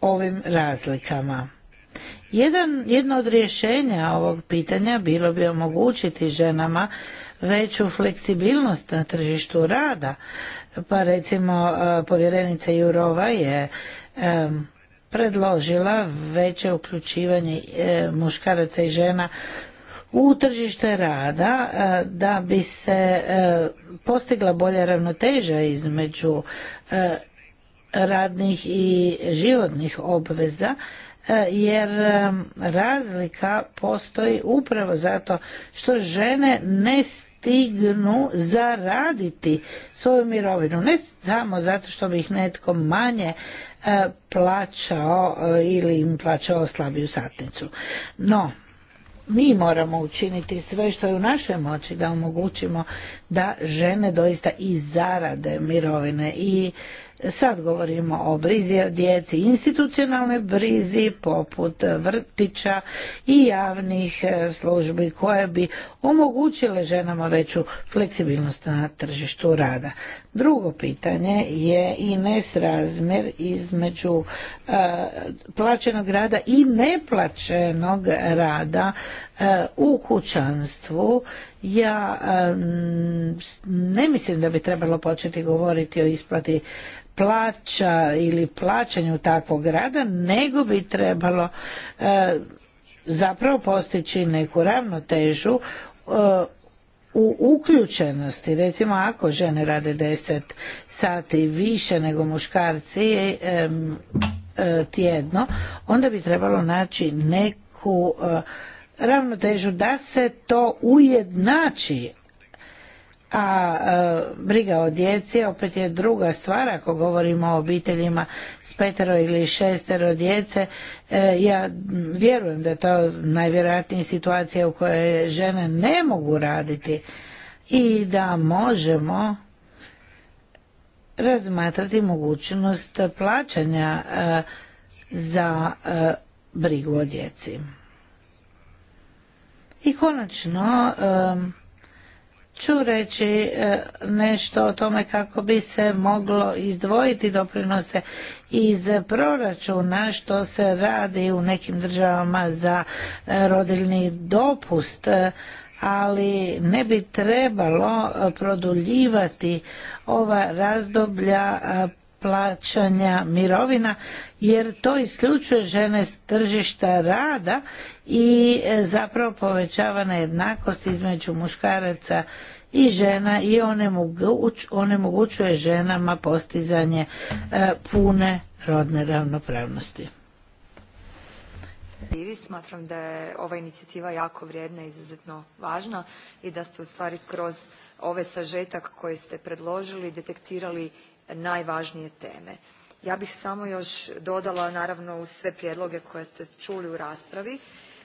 ovim razlikama. Jedan, jedno od rješenja ovog pitanja bilo bi omogućiti ženama veću fleksibilnost na tržištu rada. Pa recimo e, povjerenica Jurova je predložila veće uključivanje e, muškaraca i žena u tržište rada e, da bi se e, postigla bolja ravnoteža između radnih i životnih obveza jer razlika postoji upravo zato što žene ne stignu zaraditi svoju mirovinu ne samo zato što bi ih netko manje plaćao e, ili im plaćao slabiju satnicu. No, mi moramo učiniti sve što je u našoj moći da omogućimo da žene doista i zarade mirovine i Sad govorimo o brizi o djeci, institucionalnoj brizi poput vrtića i javnih e, službi koje bi omogućile ženama veću fleksibilnost na tržištu rada. Drugo pitanje je i nesrazmjer između e, plaćenog rada i neplaćenog rada E, u kućanstvu. Ja e, ne mislim da bi trebalo početi govoriti o isplati plaća ili plaćanju takvog rada, nego bi trebalo e, zapravo postići neku ravnotežu u uključenosti, recimo ako žene rade 10 sati više nego muškarci tjedno, onda bi trebalo naći neku ravnotežu da se to ujednači a e, briga o djeci opet je druga stvar ako govorimo o obiteljima s petero ili šestero djece e, ja vjerujem da je to najvjerojatnija situacija u kojoj žene ne mogu raditi i da možemo razmatrati mogućnost plaćanja e, za brigu o djeci i konačno ću reći e, nešto o tome kako bi se moglo izdvojiti doprinose iz proračuna što se radi u nekim državama za e, rodiljni dopust e, ali ne bi trebalo produljivati ova razdoblja plaćanja mirovina jer to isključuje žene s tržišta rada i e, zapravo povećava nejednakost između muškaraca i žena i onemogućuje ženama postizanje e, pune rodne ravnopravnosti. Smatram da je ova inicijativa jako vrijedna i izuzetno važna i da ste u stvari kroz ovaj sažetak koji ste predložili detektirali najvažnije teme. Ja bih samo još dodala naravno uz sve prijedloge koje ste čuli u raspravi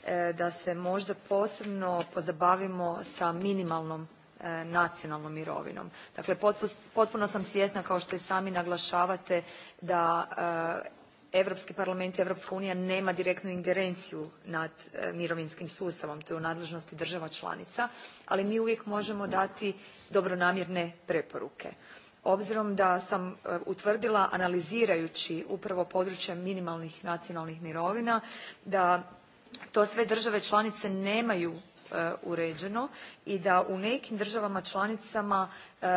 e, da se možda posebno pozabavimo sa minimalnom e, nacionalnom mirovinom. Dakle, potpuno sam svjesna kao što i sami naglašavate da Europski parlament i Europska unija nema direktnu ingerenciju nad e, mirovinskim sustavom, to je u nadležnosti država članica, ali mi uvijek možemo dati dobronamjerne preporuke obzirom da sam e, utvrdila analizirajući upravo područje minimalnih nacionalnih mirovina da to sve države članice nemaju e, uređeno i da u nekim državama članicama e,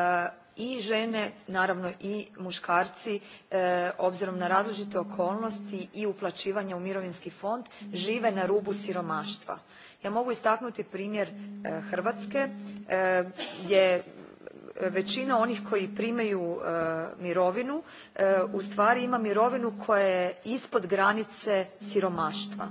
i žene naravno i muškarci obzirom na različite okolnosti i uplaćivanja u mirovinski fond žive na rubu siromaštva. Ja mogu istaknuti primjer Hrvatske gdje većina onih koji primaju e, mirovinu e, ustvari ima mirovinu koja je ispod granice siromaštva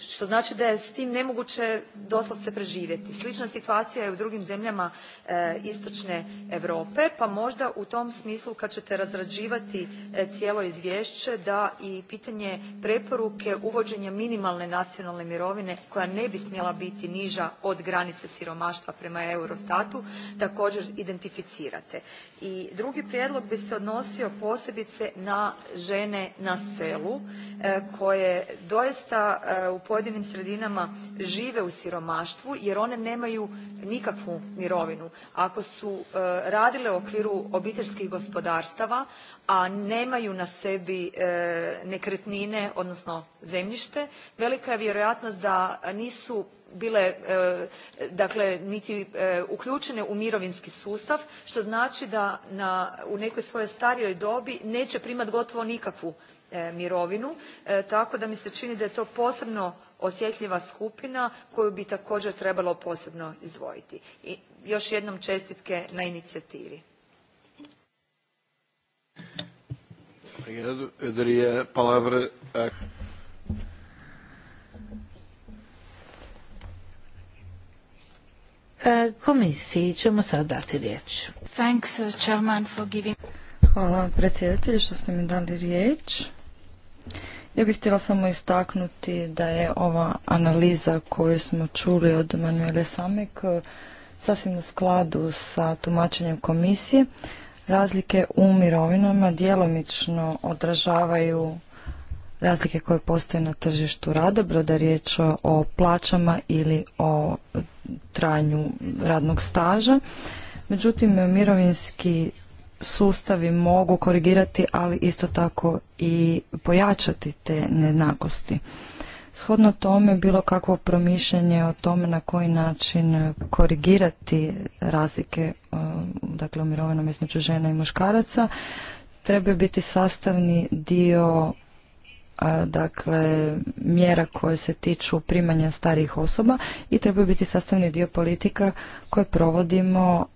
što znači da je s tim nemoguće doslovce preživjeti. Slična situacija je u drugim zemljama e, istočne Europe pa možda u tom smislu kad ćete razrađivati e, cijelo izvješće da i pitanje preporuke uvođenja minimalne nacionalne mirovine koja ne bi smjela biti niža od granice siromaštva prema Eurostatu također identificirate. I drugi prijedlog bi se odnosio posebice na žene na selu e, koje doista u pojedinim sredinama žive u siromaštvu jer one nemaju nikakvu mirovinu. Ako su e, radile u okviru obiteljskih gospodarstava, a nemaju na sebi e, nekretnine, odnosno zemljište, velika je vjerojatnost da nisu bile e, dakle niti uključene u mirovinski sustav što znači da u nekoj svojoj starijoj dobi neće primati gotovo nikakvu E, mirovinu e, tako da mi se čini da je to posebno osjetljiva skupina koju bi također trebalo posebno izdvojiti. I još jednom čestitke na inicijativi. E. Komisiji ćemo sad dati riječ. Thanks, uh, Chairman, Hvala predsjedatelju što ste mi dali riječ. Ja bih htjela samo istaknuti da je ova analiza koju smo čuli od Manuele Samek eh, sasvim u skladu sa tumačenjem komisije. Razlike u mirovinama djelomično odražavaju razlike koje postoje na tržištu rada, bilo da je riječ o plaćama ili o trajanju radnog staža. Međutim, mirovinski sustavi mogu korigirati, ali isto tako i pojačati te nejednakosti. Shodno tome bilo kakvo promišljanje o tome na koji način korigirati razlike e, dakle, u mirovinom između žena i muškaraca treba biti sastavni dio e, dakle mjera koje se tiču primanja starijih osoba i treba biti sastavni dio politika koje provodimo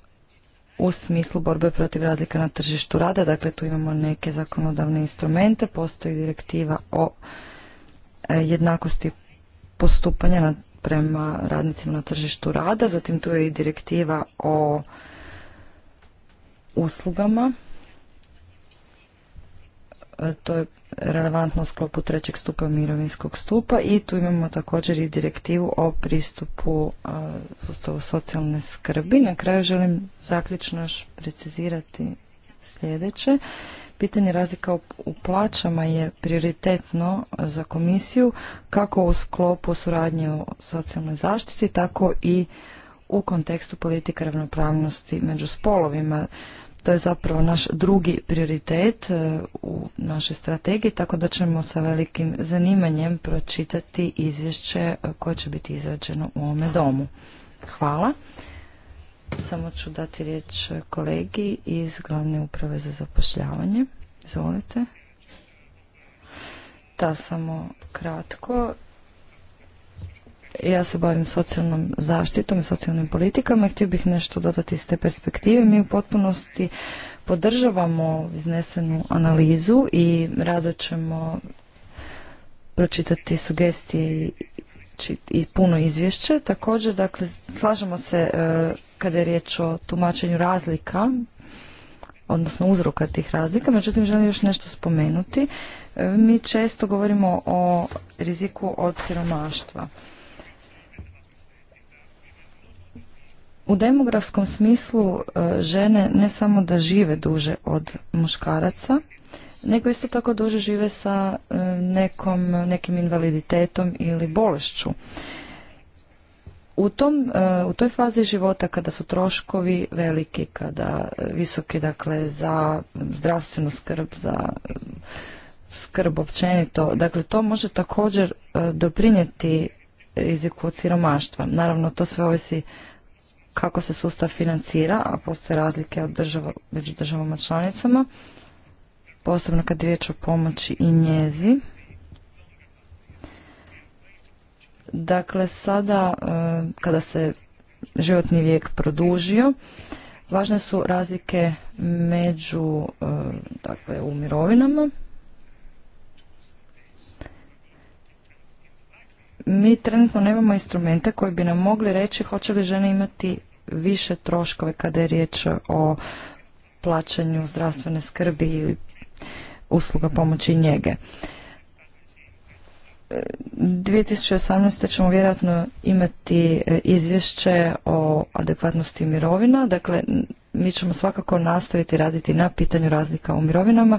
u smislu borbe protiv razlika na tržištu rada. Dakle, tu imamo neke zakonodavne instrumente, postoji direktiva o e, jednakosti postupanja prema radnicima na tržištu rada, zatim tu je i direktiva o uslugama E, to je relevantno u sklopu trećeg stupa mirovinskog stupa i tu imamo također i direktivu o pristupu e, sustavu socijalne skrbi. Na kraju želim zaključno još precizirati sljedeće. Pitanje razlika u plaćama je prioritetno za komisiju kako u sklopu suradnje o socijalnoj zaštiti, tako i u kontekstu politike ravnopravnosti među spolovima. To je zapravo naš drugi prioritet e, u našoj strategiji, tako da ćemo sa velikim zanimanjem pročitati izvješće e, koje će biti izrađeno u ovome domu. Hvala. Samo ću dati riječ kolegi iz Glavne uprave za zapošljavanje. Izvolite. Da, samo kratko. Ja se bavim socijalnom zaštitom i socijalnim politikama. i Htio bih nešto dodati iz te perspektive. Mi u potpunosti podržavamo iznesenu analizu i rado ćemo pročitati sugestije i puno izvješće. Također, dakle, slažemo se e, kada je riječ o tumačenju razlika, odnosno uzroka tih razlika, međutim želim još nešto spomenuti. E, mi često govorimo o riziku od siromaštva. U demografskom smislu e, žene ne samo da žive duže od muškaraca, nego isto tako duže žive sa e, nekom, nekim invaliditetom ili bolešću. U, tom, e, u toj fazi života kada su troškovi veliki, kada visoki dakle za zdravstvenu skrb, za skrb općenito, dakle to može također doprinijeti riziku od siromaštva. Naravno to sve ovisi kako se sustav financira, a postoje razlike od država, među državama članicama, posebno kad je riječ o pomoći i njezi. Dakle, sada e, kada se životni vijek produžio, važne su razlike među e, dakle, u mirovinama. Mi trenutno nemamo instrumente koji bi nam mogli reći hoće li žene imati više troškove kada je riječ o plaćanju zdravstvene skrbi ili usluga pomoći njege. 2018. ćemo vjerojatno imati e, izvješće o adekvatnosti mirovina. Dakle, mi ćemo svakako nastaviti raditi na pitanju razlika u mirovinama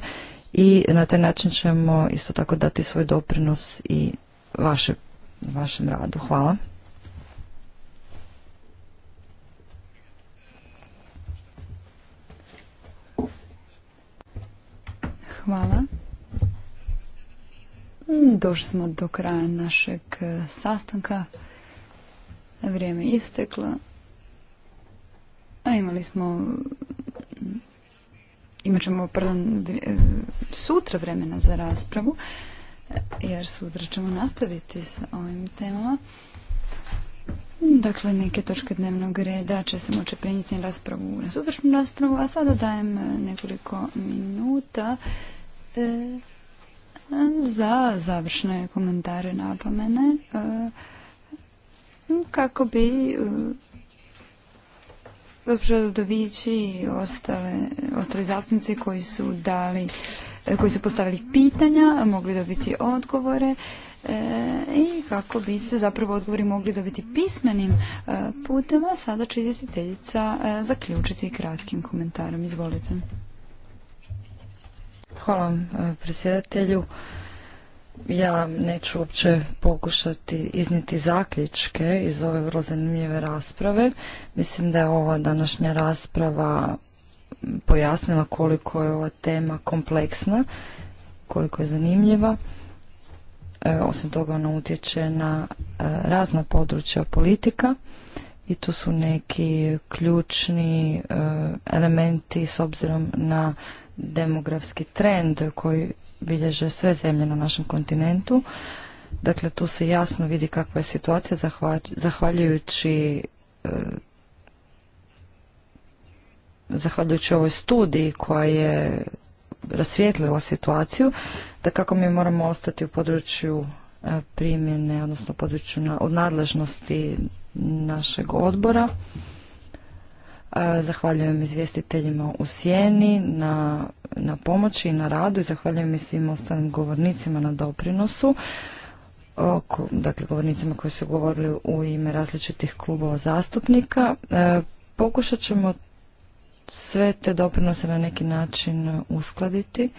i na taj način ćemo isto tako dati svoj doprinos i vašem radu. Hvala. Hvala. Došli smo do kraja našeg e, sastanka. Vrijeme je isteklo. A imali smo imat ćemo pardon, e, sutra vremena za raspravu e, jer sutra ćemo nastaviti sa ovim temama. Dakle, neke točke dnevnog reda će se moći prenijeti na raspravu, na sutrašnju raspravu, a sada dajem e, nekoliko minuta e, za završne komentare napomene e, kako bi e, Dovići ostale, ostali zastupnici koji su dali, koji su postavili pitanja, mogli dobiti odgovore. E, i kako bi se zapravo odgovori mogli dobiti pismenim e, putem, a sada će izvjestiteljica e, zaključiti kratkim komentarom. Izvolite. Hvala vam, predsjedatelju. Ja neću uopće pokušati izniti zaključke iz ove vrlo zanimljive rasprave. Mislim da je ova današnja rasprava pojasnila koliko je ova tema kompleksna, koliko je zanimljiva E, osim toga ona utječe na e, razna područja politika i tu su neki ključni e, elementi s obzirom na demografski trend koji bilježe sve zemlje na našem kontinentu. Dakle, tu se jasno vidi kakva je situacija zahvaljujući zahvaljujući ovoj studiji koja je rasvijetlila situaciju da kako mi moramo ostati u području e, primjene, odnosno području na, od nadležnosti našeg odbora. E, zahvaljujem izvjestiteljima u Sjeni na, na pomoći i na radu i zahvaljujem i svim ostalim govornicima na doprinosu. Oko, dakle, govornicima koji su govorili u ime različitih klubova zastupnika. E, pokušat ćemo sve te doprinose na neki način uskladiti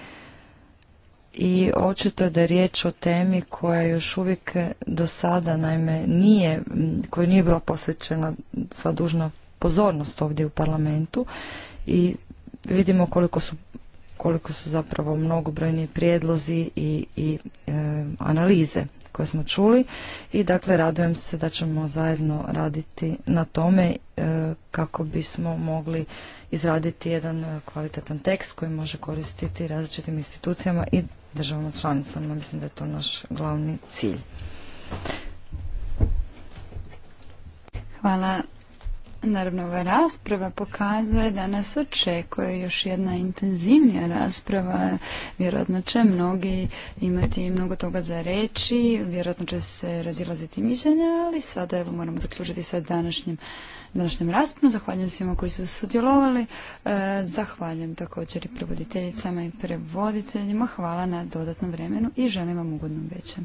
i očito je da je riječ o temi koja još uvijek do sada naime nije, koja nije bila posvećena sva dužna pozornost ovdje u parlamentu i vidimo koliko su koliko su zapravo mnogobrojni prijedlozi i, i e, analize koje smo čuli i dakle radujem se da ćemo zajedno raditi na tome e, kako bismo mogli izraditi jedan kvalitetan tekst koji može koristiti različitim institucijama i državama članicama. Mislim da je to naš glavni cilj. Hvala. Naravno, ova rasprava pokazuje da nas očekuje još jedna intenzivnija rasprava. Vjerojatno će mnogi imati mnogo toga za reći, vjerojatno će se razilaziti mišljenja, ali sada evo moramo zaključiti sa današnjim današnjem raspravu. Zahvaljujem svima koji su sudjelovali. E, zahvaljujem također i prevoditeljicama i prevoditeljima. Hvala na dodatnom vremenu i želim vam ugodnom večer.